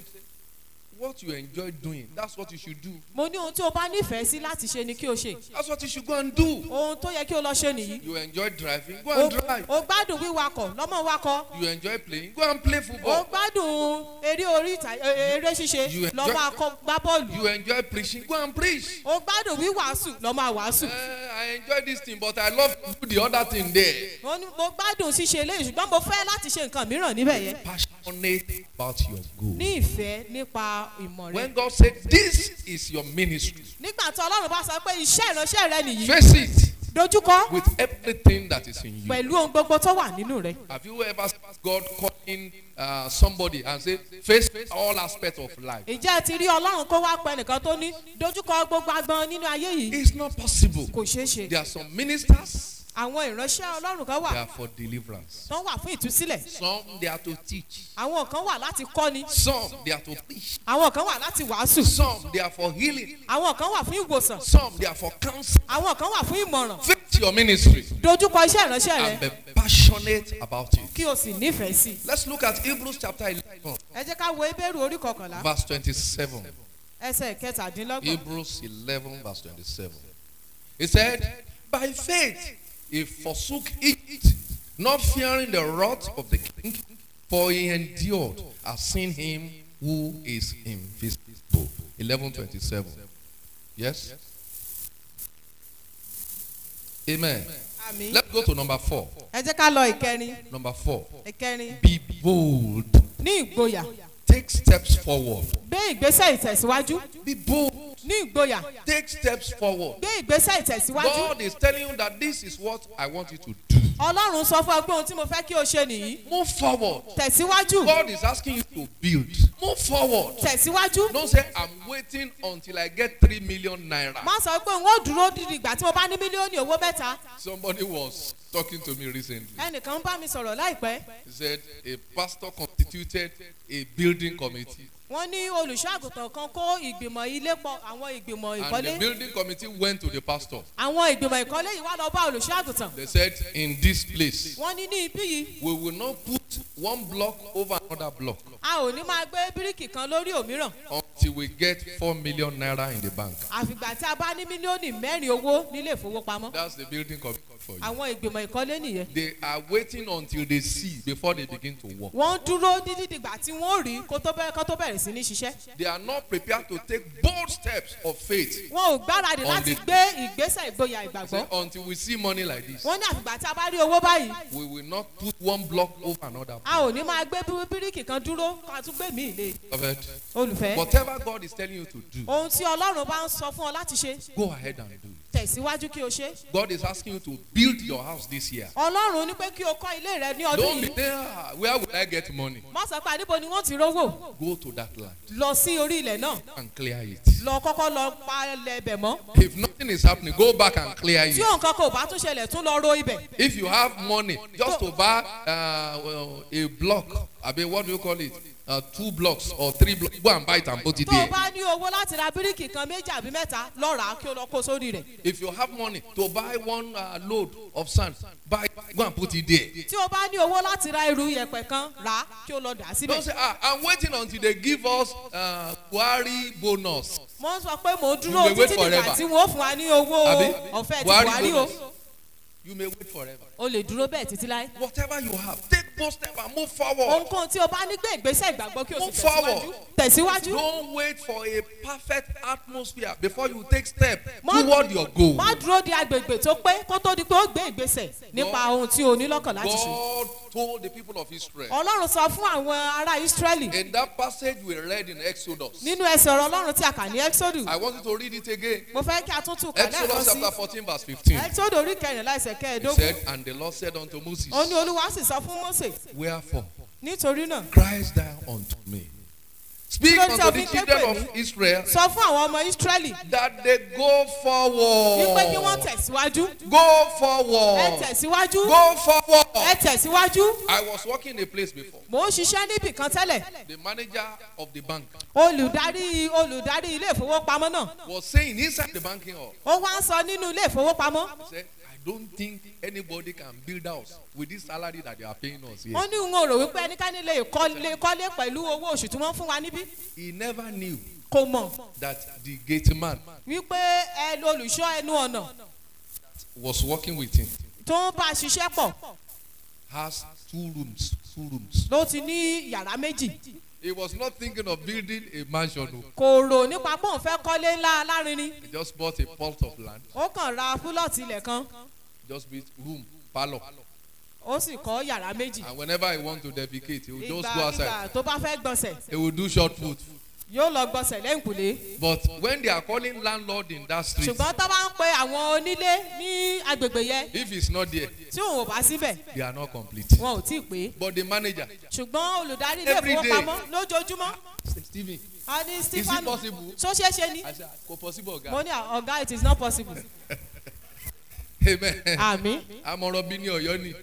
what you enjoy doing that's what you should do. mo ní ohun tí o bá nífẹ̀ẹ́ sí láti ṣe ni kí o ṣe. that's what you should go and do. ohun tó yẹ kí o lọ ṣe nìyí. you enjoy driving go and drive. o gbádùn wíwakọ̀ lọ́mọ wakọ̀. you enjoy playing go and play football. o gbádùn eré orí e, eré ṣíṣe lọ́mọ akọ gbá bọ́ọ̀lù. you enjoy preaching go and preach. o gbádùn wíwàásù lọ́mọ àwàásù. Eh, I enjoy this thing but I love to do the other thing there. mo gbádùn ṣíṣe eléyìí ṣùgbọ́n mo fẹ́ láti ṣe nǹkan mìíràn níbẹ̀ yẹn. passionate about your goal. ní ìfẹ́ nípa ìmọ̀ rẹ. when God said this is your ministry. nígbà tí ọlọ́run bá sọ pé iṣẹ́ ìránṣẹ́ rẹ nìyí. face it. dojúkọ. with everything that is in you. pẹ̀lú ohun gbogbo tó wà nínú rẹ. have you ever seen God calling uh, somebody and say face all aspects of life. ǹjẹ́ ẹ ti rí ọlọ́run kó wá pẹ́ nìkan tó ní dojúkọ gbogbo agbọn nínú ayé yìí. it's not possible. kò ṣeé ṣe. there are some ministers. Àwọn ìránṣẹ́ Ọlọ́run kan wà. They are for deliverance. Tán wà fún ìtúsílẹ̀. Some they are to teach. Àwọn kan wà láti kọ́ni. Some they are to preach. Àwọn kan wà láti wàásù. Some they are for healing. Àwọn kan wà fún ìwòsàn. Some they are for counsel. Àwọn kan wà fún ìmọ̀ràn. Faith your ministry. Dojúkọ iṣẹ́ ìránṣẹ́ rẹ. And be passionate about it. Kí o sì nífẹ̀ẹ́ sí. Let's look at Hebrews chapter eleven. Ẹ jẹ́ ká wo Ebéèrú orí kọkànlá. Verse twenty-seven. Ẹsẹ̀ kẹtàdínlọ́gbọ̀n. Hebrews eleven verse twenty-seven. He said, by faith. He forsook it, not fearing the wrath of the king, for he endured as seen him who is invisible. 1127. Yes? Amen. Amen. Let's go to number four. Number four. Be bold. Take steps forward. Be bold ní ìgboyà. take steps forward. gbé ìgbésẹ̀ ìtẹ̀síwájú. God is telling you that this is what I want you to do. Ọlọ́run sọ fún ọ pé ohun tí mo fẹ́ kí o ṣe nìyí. Move forward. Tẹ̀síwájú. God is asking you to build. Move forward. Tẹ̀síwájú. Don't say I'm waiting until I get three million naira. Má sọ pé n ó dúró dídì ìgbà tí mo bá ní mílíọ̀nù owó mẹ́ta. Somebody was talking to me recently. Ẹnìkan bá mi sọ̀rọ̀ láìpẹ́. He said a pastor constituted a building committee wọ́n ní olùṣọ́àgùntàn kan kó ìgbìmọ̀ ilé pọ̀ àwọn ìgbìmọ̀ ìkọ́lé. and the building committee went to the pastor. àwọn ìgbìmọ̀ ìkọ́lé yìí wá lọ bá olùṣọ́àgùntàn. they said in this place. wọ́n ní ní ibí yìí. we will not put one block over another block. a ò ní máa gbé bíríkì kan lórí òmíràn. until we get four million naira in the bank. àfìgbà tí a bá ní mílíọ̀nù mẹ́rin owó nílé ìfowópamọ́. that's the building committee. for you. They are waiting until they see before they begin to work. tó They are not prepared to take bold steps of faith. Until we see money like this. We will not put one block over another. Whatever God is telling you to do. Go ahead and do. it. God is asking you to build your house this year. ọlọ́run ní pé kí o kọ́ ilé rẹ ní ọdún yìí. don't be there where will I get money. má sọ pé àdìbò ah, ni wọ́n ti rówó. go to that land. lọ sí orí ilẹ̀ náà. and clear it. lọ kọ́kọ́ lọ pa ilẹ̀ mọ́. if nothing is happening go back and clear it. tí òǹkan kò bá tún ṣẹlẹ̀ tún lọ ro ibẹ̀. if you have money just to buy uh, a block abi what do you call it uh, two blocks or three blocks go and buy it and put it there. tó o bá ní owó láti ra bíríkì kan méjì àbí mẹ́ta lọ kí o lọ kó sórí rẹ̀. if you have money to buy one uh, load of sand buy go and put it there. tí o bá ní owó láti ra irú yẹ̀pẹ̀ kan rà kí o lọ dà síbẹ̀. don't say ah i'm waiting until they give us uh, bonus. mo ń sọ pé mo dúró títí nígbà tí wọ́n fún wa ní owó ọ̀fẹ́ ti buhari o. you may wait forever. o lè dúró bẹ́ẹ̀ títí láé. whatever you have take take step and move forward. Ohunkóhun tí o bá ní gbé ìgbésẹ̀ ìgbàgbọ́ kí o sì tẹ̀síwájú. Tẹ̀síwájú. Don't wait for a perfect atmosphere before you take step toward your goal. Má dúró di agbègbè tó pé kó tó di pé ó gbé ìgbésẹ̀ nípa ohun tí o ní lọ́kàn láti ṣe. God told the people of Israel. Ọlọ́run sọ fún àwọn ará Ísírẹ́lì. In that passage we read in Exodus. Nínú ẹsẹ̀ ọ̀rọ̀ Ọlọ́run tí a kà ní Exodus. I want you to read it again. Mo fẹ́ kí a tún tún kọ̀ lẹ́ẹ̀kan sí. Exodus chapter fourteen verse fifteen. Exodus orí kẹrìnlá ẹsẹ̀ kẹẹ̀ẹ́dógún. He said and the Lord said unto Moses. Ó ní Olúwa sì sọ fún Mósè. Wherefore, Christ died unto me. Speak unto the children of Israel. Sọ fún àwọn ọmọ Ísírẹ́lì. That they go forward. Wípé kí wọ́n tẹ̀síwájú. Go forward. Ẹ tẹ̀síwájú. Go forward. Ẹ tẹ̀síwájú. I was working in a place before. Mo ń ṣiṣẹ́ níbì kan tẹ́lẹ̀. The manager of the bank. Olùdarí Olùdarí ilé ìfowópamọ́ náà. Was saying inside the banking hall. Ó wá ń sọ nínú ilé ìfowópamọ́. He said don't think anybody can build house with this salary that they are paying us here. wọ́n ní n rò wípé ẹnikẹ́ni lè kọ́lé kọ́lé pẹ̀lú owó oṣù tí wọ́n fún wa níbí. he never knew. kò mọ̀. that the gate man. wípé ẹ olùṣọ́ ẹnu ọ̀nà. was working with him. tó ń bá a ṣiṣẹ́ pọ̀. has two rooms two rooms. ló ti ní yàrá méjì. He was not thinking of building a mansion. Kò rò nípa pé òun fẹ́ kọ́lé ńlá alárinrin. He just bought a plot of land. Ó kàn ra púlọ̀tì ilẹ̀ kan just be room parlour. ó sì kọ́ yàrá méjì. and whenever he want to defecate he will just go outside. ìgbà tó bá fẹ́ gbọ̀nsẹ̀. he will do short foot. yóò lọ gbọ̀nsẹ̀ lẹ́yìnkùlé. but when they are calling landlord in that street. ṣùgbọ́n tó bá ń pe àwọn onílé ní agbègbè yẹn. if he is not there. tí òun ò bá síbẹ̀. they are not complete. wọn ò tí ì pé. but the manager. ṣùgbọ́n olùdarí ilé ìfowópamọ́ lójoojúmọ́. steven a ní stefano ṣó ṣeé ṣe ni. mo ní ah, ọ̀gá it is not possible. amen. àmín. àmọ̀ràn bí ní ọ̀yọ́ ni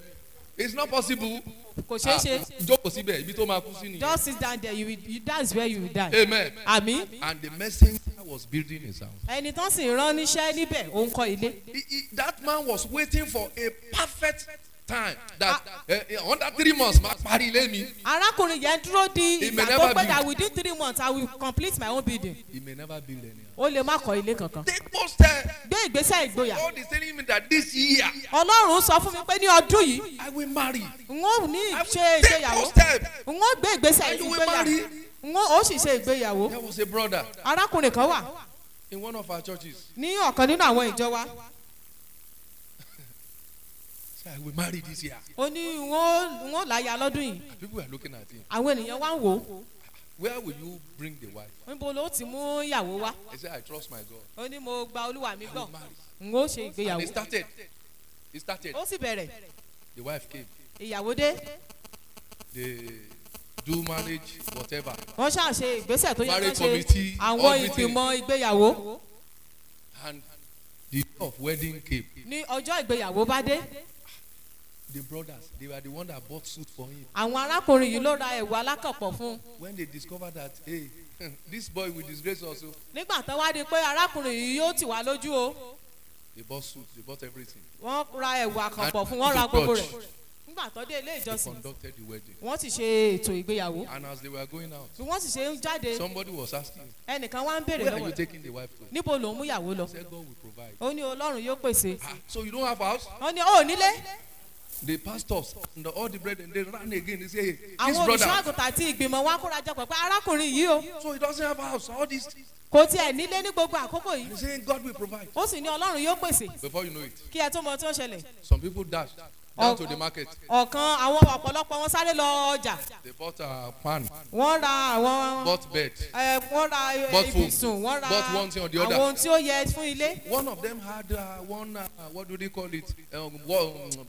it's not possible. kò ṣeé ah, ṣe. jókòó síbẹ̀ ibi tó máa kú sí nìyẹn. just sit down there you will you dance where you will die. amen. àmín. and the messenger was building his house. ẹni tán sì rán níṣẹ́ níbẹ̀ ó ń kọ́ ilé. that man was waiting for a perfect time that uh, under three months máa parí ilé mi. arákùnrin yẹn dúró di ìgbà pé that within three months I will complete my own building. he may never build any. o lè má kọ́ ilé kankan. take post there. gbé ìgbésẹ̀ ìgboyà. God is telling me that this year. ọlọ́run sọ fún mi pé ní ọdún yìí. I will marry. n ó ní ṣe ìgbéyàwó. n ó gbé ìgbésẹ̀ ìgbéyàwó. n ó sì ṣe ìgbéyàwó. there was a brother. arákùnrin kan wà. in one of our churches. ní ọ̀kan nínú àwọn ìjọ wa. I will marry this year. ó ní wọ́n wọ́n láyà lọ́dún yìí. people are looking at him. àwọn ènìyàn wá ń wò ó. where will you bring the wife. níbo ló ti mú ìyàwó wá. he said I trust my God. ó ní mo gba olúwa mi gbọ́. n ó ṣe ìgbéyàwó. and he started he started. ó sì bẹ̀rẹ̀. the wife came. ìyàwó dé. the do manage whatever. wọ́n ṣàṣe ìgbésẹ̀ tó yẹ kán ṣe àwọn ìgbìmọ̀ ìgbéyàwó. and the day of wedding came. ní ọjọ́ ìgbéyàwó bá dé the brothers they were the one that bought suit for him. àwọn arákùnrin yìí ló ra ẹ̀wù alákọ̀pọ̀ fún. when they discovered that hey this boy will disgrace us o. Oh. nígbà tó wá di pé arákùnrin yìí yóò tì wá lójú o. Oh. they bought suit they bought everything. wọ́n ra ẹ̀wù àkànpọ̀ fún wọ́n ra gbogbo rẹ̀ nígbà tó dé ilé ìjọsìn wọ́n sì ṣe ètò ìgbéyàwó bí wọ́n sì ṣe ń jáde ẹnìkan wá ń béèrè lọ́wọ́ níbo ló ń mú ìyàwó lọ ó ní ọlọ́run yóò pèsè ah, ó ní ó oh, nílé. Ah the pastors and all the brethren they ran again they say hey, this brother. àwọn olùṣọ́ àgùntàn àti ìgbìmọ̀ wọn kórajọ pẹ̀pẹ́ arákùnrin yìí o. so he doesn't have house all this. kò tiẹ̀ nílé ní gbogbo àkókò yìí. he say God will provide. ó sì ní ọlọ́run yóò pèsè. before you know it. kí ẹ tó mọ tí ó ṣẹlẹ̀. some people dash down to the market. ọ̀kan àwọn ọ̀pọ̀lọpọ̀ wọn sáré lọ ọjà. they bought a pan. wọ́n ra àwọn. bought bed. ẹ wọ́n ra ibùsùn wọ́n ra bought one thing or the other. àwọn ohun tí ó yẹ fún ilé. one of them had uh, one uh, what do they call it uh, um, um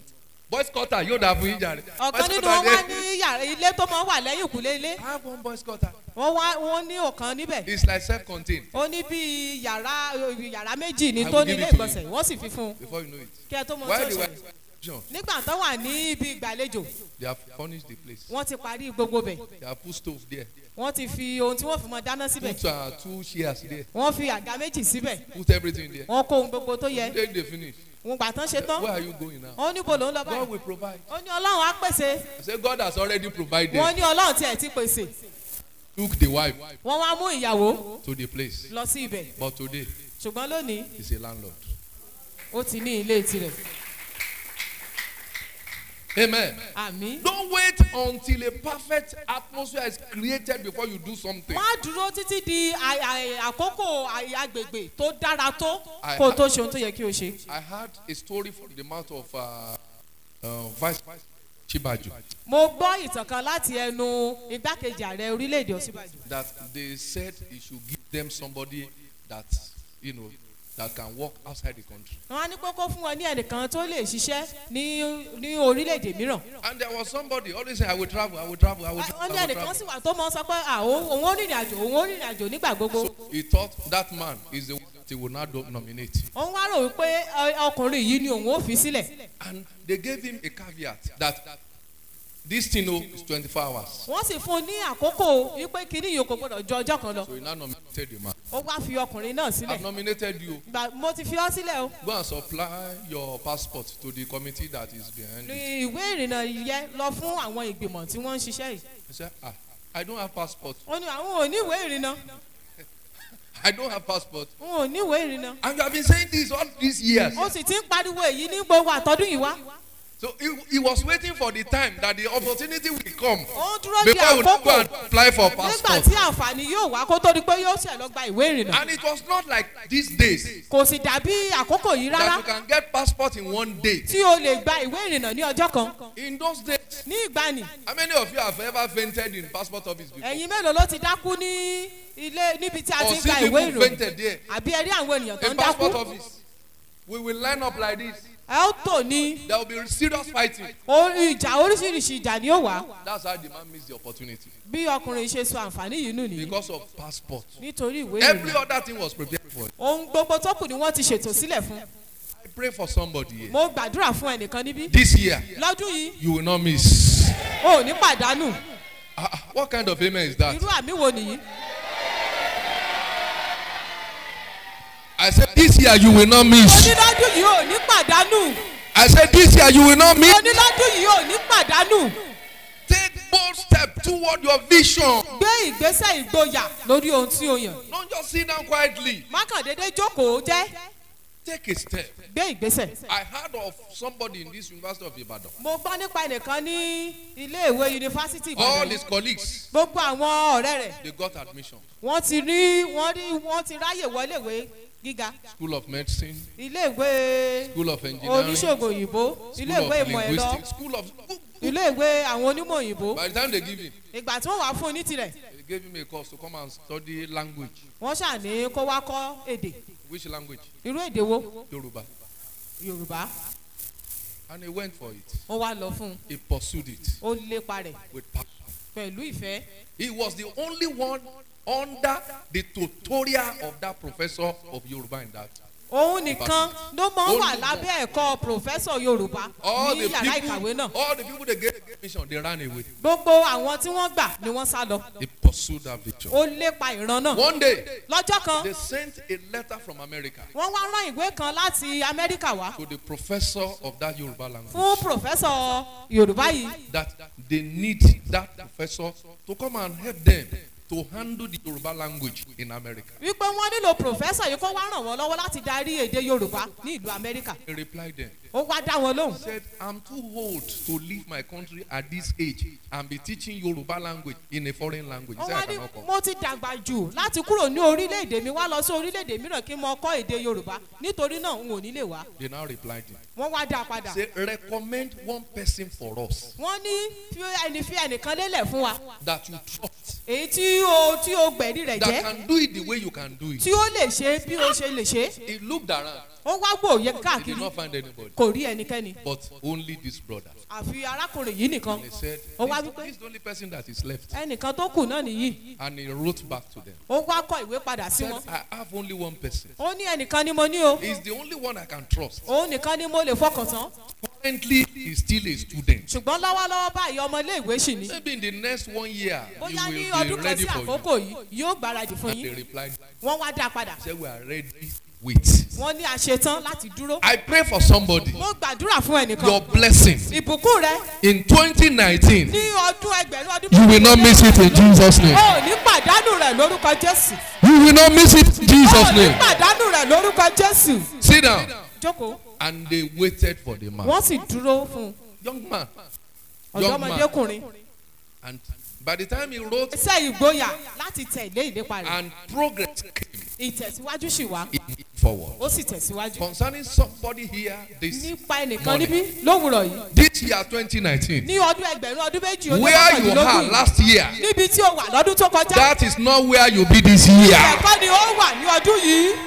boys quarter yóò dáa fún yín jàre. ọ̀kan nínú wọn wá ní ilé tó máa wà lẹ́yìn ìkúlé ilé. I have one boys quarter. wọ́n wá wọ́n ní ọ̀kan níbẹ̀. it's like self contained. ó ní bí yàrá yàrá méjì ní tó ní ilé ìgbọ̀nsẹ̀ wọ́n sì fi fún un. before you know it. kí ẹ tó mọ tó sọ yìí. nígbà tó wà ní ibi ìgbàlejò. they have furnished the place. wọ́n ti parí gbogbo bẹ̀. they have put stove there wọ́n ti fi ohun tí wọ́n fi mọ dáná síbẹ̀. put uh, two chairs there. wọ́n fi àga méjì síbẹ̀. put everything there. wọ́n kó ohun gbogbo tó yẹ. today they finish. Wọ́n gbà tán ṣe tán. Where are you going now? Ó ní bo ń lọ báyìí. God will provide. Ó ní Ọlọ́run á pèsè. I say God has already provided. Wọ́n ní Ọlọ́run tiẹ̀ ti pèsè. Took the wife. Wọ́n wá mú ìyàwó. To the place. Lọ sí ibẹ̀. But today. Ṣùgbọ́n lónìí. He is a landlord. Ó ti ní ilé tirẹ̀. Amen. Amen. Don't wait until a perfect atmosphere is created before you do something. Má dúró títí di àkókò agbègbè tó dára tó kó tó ṣe ohun tó yẹ kí o ṣe. I had a story from the mouth of uh, uh, Vice Chibaju. Mo gbọ́ ìtàn kan láti ẹnu igbákejì ààrẹ orílẹ̀-èdè Ọ̀ṣínbàjò. That they said he should give them somebody that you know that can work outside the country. wọ́n á fún wọn ní ẹnìkan tó lè ṣiṣẹ́ ní ní orílẹ̀-èdè mìíràn. and there was somebody always say I will travel I will travel I will travel. wọ́n ẹnìkan sì wà tó mọ sọ pé òun ó rìnrìn àjò òun ó rìnrìn àjò nígbà gbogbo. so he thought that man is the one they will now nominate. òun wá rò wípé ọkùnrin yìí ni òun ó fi sílẹ̀. and they gave him a caveat that this thing o oh, is twenty four hours. wọ́n sì fún un ní àkókò wípé kínní yòókò gbọ́dọ̀ ju ọjọ́ kan lọ. so you now nominated the man. ó wá fi ọkùnrin náà sílẹ̀. I nominated you. gba mo ti fi ọ sílẹ̀ o. go and supply your passport to the committee that is behind it. ìwé ìrìnnà yẹ lọ fún àwọn ìgbìmọ̀ tí wọ́n ń ṣiṣẹ́ yìí. he ah I don't have passport. ó ní àwọn ò ní ìwé ìrìnnà. I don't have passport. N ò ní ìwé ìrìnnà. And you have been saying this all these years. O sì ti ń pariwo èyí ní gbogbo àtọ́dún yìí wá. So he, he was waiting for the time that the opportunity will come. Ó dúró de àkókò. Before he go and apply for passport. Nígbà tí àǹfààní yóò wá kó tó di pé yóò ṣẹ̀ lọ ìwé ìrìnnà. And it was not like these days. Kò sì dàbí àkókò yìí rárá. That you can get passport in one day. Tí o lè gba ìwé ìrìnnà ní ọjọ́ kan. In those days. Ní ìgbàanì. How many of you have ever fainted in passport office before? Ẹ̀yin mélòó ló ti dákú ní ilé níbi tí a ti ń gba ìwé ìròyìn? Or see people fainted there. Àbí ẹ rí àwọn ènìyàn tó ń dákú. In passport office. We will line up like this ẹ ó tò ní. there will be serious fighting. orí ìjà oríṣiríṣi ìjà ni ó wà. that's how the man miss the opportunity. bí ọkùnrin ṣe so àǹfààní yìí nù nìyí. because of passport. nítorí ìwé ìrìnnà. every other thing was prepared for. ohun gbogbo tó kù ni wọ́n ti ṣètò sílẹ̀ fún. I pray for somebody here. mo gbàdúrà fún ẹnìkan níbí. this year. lọ́dún yìí. you will not miss. o ò ní pàdánù. Ah, ah, what kind of amen is that. irú àmì wo nìyí. I said this year you will not miss. Onílọ́dún yìí ò ní pàdánù. I said this year you will not miss. Onílọ́dún yìí ò ní pàdánù. Take bold step toward your vision. Gbé ìgbésẹ̀ ìgboyà lórí ohun tí o yàn. Don't just sit down quietly. Má jókòó jẹ́. Take a step. Gbé ìgbésẹ̀. I heard of somebody in this University of Ibadan. Mo gbọ́ nípa ẹnìkan ní ilé-ìwé yunifásítì Ìbàdàn. All his colleagues. Gbogbo àwọn ọ̀rẹ́ rẹ̀. They got admission. Wọ́n ti rí wọ́n rí wọ́n ti ráyè wọléwé gíga. school of medicine. ilé ìwé. school of engineering. oníṣègùn òyìnbó. ilé ìwé ìmọ̀ ẹ̀rọ. school of ilé ìwé àwọn onímọ̀ òyìnbó. by the time they give him. ìgbà tí wọ́n wàá fún un ní tirẹ̀. they gave him a course to come and study language. wọ́n ṣàní kó wá kọ́ èdè. which language. irú èdè wo. yorùbá. yorùbá. and he went for it. ó wá lọ fún un. he pursued it. ó lépa rẹ̀. with passion. pẹ̀lú ìfẹ́. he was the only one under the tutorial of that professor of Yoruba in that. Òun nìkan ló mọ̀ ń wà lábẹ́ ẹ̀kọ́ professor Yorùbá ní yàrá ìkàwé náà. All the people they get the mission, they run away. Gbogbo àwọn tí wọ́n gbà ni wọ́n sá lọ. They pursued that vision. Ó lépa ìran náà. One day. Lọ́jọ́ kan. They sent a letter from America. Wọ́n wá rán ìwé kan láti Amẹ́ríkà wá. To the professor of that Yorùbá language. Fún professor Yorùbá yìí. That they need that professor to come and help them to handle the Yoruba language in America. wípé wọ́n nílò professor yìí kó wá ràn wọ́n lọ́wọ́ láti darí èdè Yorùbá ní ìlú Amẹ́ríkà. he replied them ó wá dá wọn lóhùn. he said i'm too old to leave my country at this age and be teaching yoruba language in a foreign language. ó wá mo ti dàgbà jù láti kúrò ní orílẹ̀-èdè mi wá lọ sí orílẹ̀-èdè mìíràn kí n mọ kọ́ èdè yorùbá nítorí náà n ò ní lè wá. they now replied him. wọ́n wá dá a padà. say recommend one person for us. wọ́n ní fi ẹni fi ẹnìkan lélẹ̀ fún wa. that you trust. èyí tí o tí o gbẹ̀rí rẹ̀ jẹ́. that can do it the way you can do it. tí ó lè ṣe bí o ṣe lè ṣe. he looked around. ó wá gbòòyè káàkiri. he kò rí ẹnikẹ́ni. but only this brother. àfi arákùnrin yìí nìkan. and he said ó he is the only person that is left. ẹnìkan tó kù náà nìyí. and he wrote back to them. ó wá kọ ìwé padà sí wọn. he said I have only one person. ó ní ẹnìkan ni mo ní o. he is the only one I can trust. òun nìkan ni mo lè fọkàn tán. Currently, he is still a student. ṣùgbọ́n lọ́wọ́lọ́wọ́ báyìí ọmọ ilé ìwé sì ni. maybe in the next one year. bóyá ní ọdún kan sí àkókò yìí yóò gbáradì fún yín. and they replied. wọ́n wá dá a padà. say we are ready wait. wọ́n ní àṣetán láti dúró. I pray for somebody. mo gbàdúrà fún ẹnìkan. your blessing. ìbùkún rẹ. in twenty nineteen. ní ọdún ẹgbẹ̀rún ọdún. you will not miss it in Jesus name. o ní pàdánù rẹ lórúkọ Jésù. you will not miss it in Jesus name. o ní pàdánù rẹ lórúkọ Jésù. sit down. jókòó. and they waited for the man. wọ́n sì dúró fún un. young man. ọ̀dọ́mọdékùnrin. and by the time he wrote. iṣẹ́ ìgboyà láti tẹ̀lé ìlépa rẹ̀. and progress came. ìtẹ̀síwájú sì wá forward. ó sì tẹ̀síwájú. concerning somebody here this morning. nípa ẹnìkan níbí lówùrọ̀ yìí. this year twenty nineteen. ní ọdún ẹgbẹ̀rún ọdún méjì ọdún mọ́kànlélógún. where you are last year. níbi tí o wà lọ́dún tó kọjá. that is not where you be this year. ẹ̀kọ́ ni ó wà ní ọdún yìí.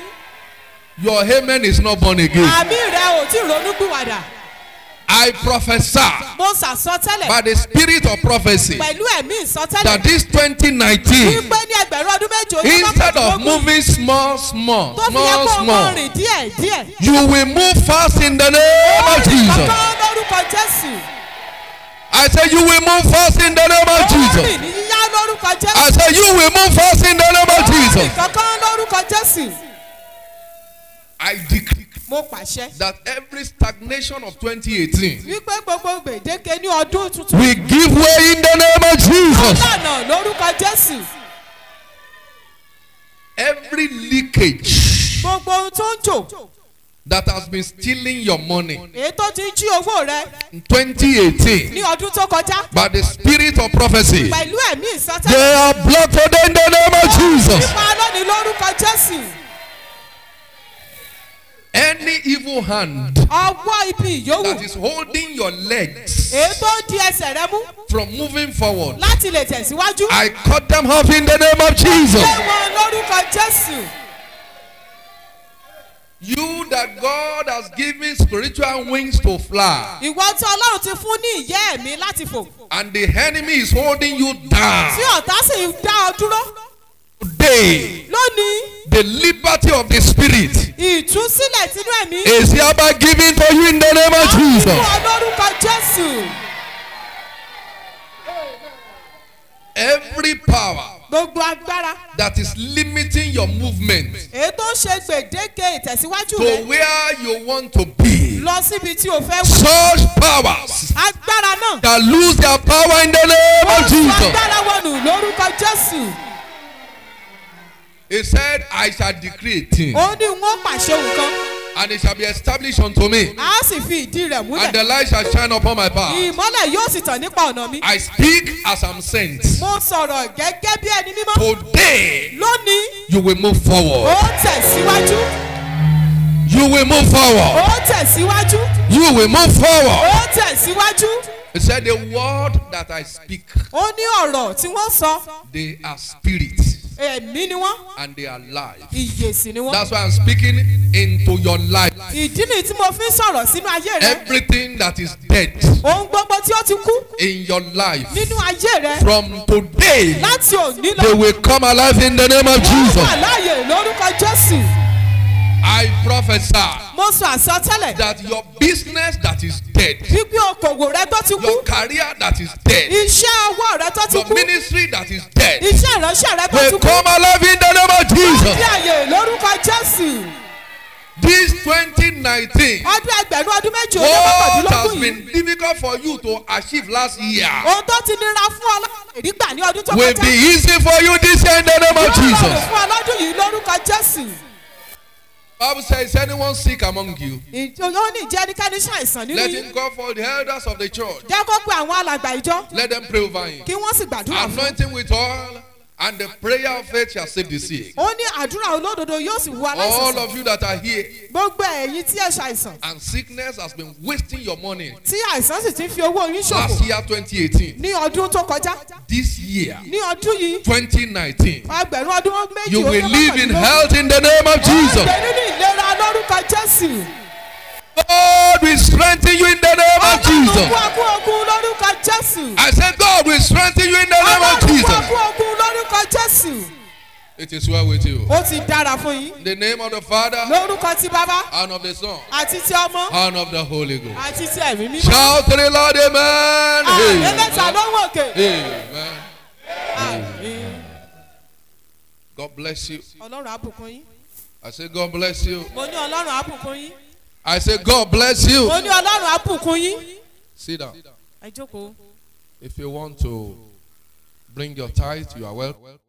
your amen is not born again. àmì rẹ̀ ò tí ronú gbìwàdà. I prophesy mo sàsọtẹ́lẹ̀ by the spirit of prophecy pẹ̀lú ẹ̀mí ìsọtẹ́lẹ̀ that this twenty nineteen wípé ní ẹgbẹ̀rún ọdún méje ojú mọ́kànlélógún instead of moving small small small small tó fi yẹ kó o díẹ̀ díẹ̀ you will move fast in the name of Jesus. ó lórúkọ Jésù. I say you will move fast in the name of Jesus. ó rìn níyá lórúkọ Jésù. I say you will move fast in the name of Jesus. ó rìn kankan lórúkọ Jésù. I declare mo pàṣẹ. that every stagnation of twenty eighteen. wípé gbogbo gbèdéke ní ọdún tuntun. we give way in the name of Jesus. ọlànà lórúkọ Jésù. every leakage. gbogbo tó ń jò. that has been stealing your money. ètò ti jí owó rẹ. in twenty eighteen. ní ọdún tó kọjá. by the spirit of prophecy. pẹ̀lú ẹ̀mí ìsọtẹ́. they are blocked in the name of Jesus. ìpa lónìí lórúkọ Jésù any evil hand. ọwọ́ ibi ìyówù. that is holding your legs. èyí di ẹsẹ̀ rẹ mú. from moving forward. láti lè tẹ̀síwájú. I cut them off in the name of Jesus. ṣé wọn lórúkọ Jésù. You that God has given spiritual wings to fly. Ìwọ tí Ọlọ́run ti fún ní ìyẹ́ ẹ̀mí láti fò. And the enemy is holding you down. Tí ọ̀tá sì ń dá ọ dúró today. lónìí. the liberty of the spirit. ìtúsílẹ̀ sínú ẹ̀mí. is hereby given to you in the name of Jesus. àwọn ìwọ lórúkọ Jésù. every power. gbogbo agbára. that is limiting your movement. èyí ṣe gbèdéke ìtẹ̀síwájú rẹ. to where you want to be. lọ síbi tí o fẹ́ wá. such powers. agbára náà. that lose their power in the name of Jesus. wọ́n sọ agbára wọnù lórúkọ Jésù. He said, I shall decree a thing. Ó ní wọ́n pàṣẹ nǹkan. And it shall be established unto me. A sì fi ìdí rẹ̀ múlẹ̀. And the light shall shine upon my path. Ìmọ́lẹ̀ yóò sì tàn nípa ọ̀nà mi. I speak as I am sent. Mo sọ̀rọ̀ gẹ́gẹ́ bí ẹni mímọ́. Today. Lónìí. You will move forward. Ó tẹ̀síwájú. You will move forward. Ó tẹ̀síwájú. You will move forward. Ó tẹ̀síwájú. He said the word that I speak. Ó ní ọ̀rọ̀ tí wọ́n sọ. They are spirits. Ẹ̀mí ni wọ́n. And they are alive. Ìyè sì ni wọ́n. That's why I'm speaking into your life. Ìdí nìyí tí mo fi ń sọ̀rọ̀ sínú ayé rẹ. Everything that is dead. Ohun gbogbo tí ó ti kú. In your life. Nínú ayé rẹ. From today. Láti òní lọ. They will come alive in the name of Jesus. Wọ́n wà láàyè lórúkọ Jésù. I prophesy. Mo sọ àsọtẹ́lẹ̀. That your business that is dead. Wípé okòwò rẹ tó ti kú. Your career that is dead. Iṣẹ́ ọwọ́ rẹ tó ti kú. Your ministry that is dead. Iṣẹ́ ìránṣẹ́ rẹ tó ti kú. We come alive in the name of Jesus. àyè lórúkọ Jésù. This twenty nineteen. Ọdún ẹgbẹ̀rún ọdún méje ọdún mọ́kàndínlógún yìí. What has been difficult for you to achieve last year. Ohun tó ti nira fún ọ nígbà ní ọdún tó kọjá. Will be easy for you this year in the name of Jesus. Yóò rọrùn fún ọ yìí lórúkọ Jésù. Bible say, Is anyone sick among you? Let him call for the elders of the church. Let them pray over him. Anoint him with oil. And the prayer of faith shall save the sick. Ó ní àdúrà olódodo yóò sì wú aláìsàn. All of you that are here. Gbogbo ẹ̀yin tí ẹ ṣàìsàn. And sickness has been wasting your money. Tí àìsàn sì ti fi owó yín ṣòfò. Last year twenty eighteen. Ní ọdún tó kọjá. This year. Ní ọdún yìí. twenty nineteen. Ẹgbẹ̀rún ọdún méjì ó lé mọ́kànlélógún. You will live in health in the name of Jesus. Ó ń gbé nínú ìlera lórúkọ Jésù. God will strengthen you in the name of Jesus. I said God will strengthen you in the name of Jesus. It is well with you. Ó ti dára fún yín. In the name of the Father. Lórúkọ ti Bàbá. And of the Son. Àti ti Ọmọ. And of the Holy Ghost. Àti ti ẹ̀mí mímọ́. Shout to the Lord amen. Àmì ah, mẹ́ta lọ́wọ́ òkè. Amen. Amen. God bless you. Ọlọ́run á yín. I say God bless you. Mo ní Ọlọ́run á yín. I say God bless you. Mo ní Ọlọ́run á bùkún yín. Sit down. Ẹ jókòó. If you want to bring your tithe, you are welcome.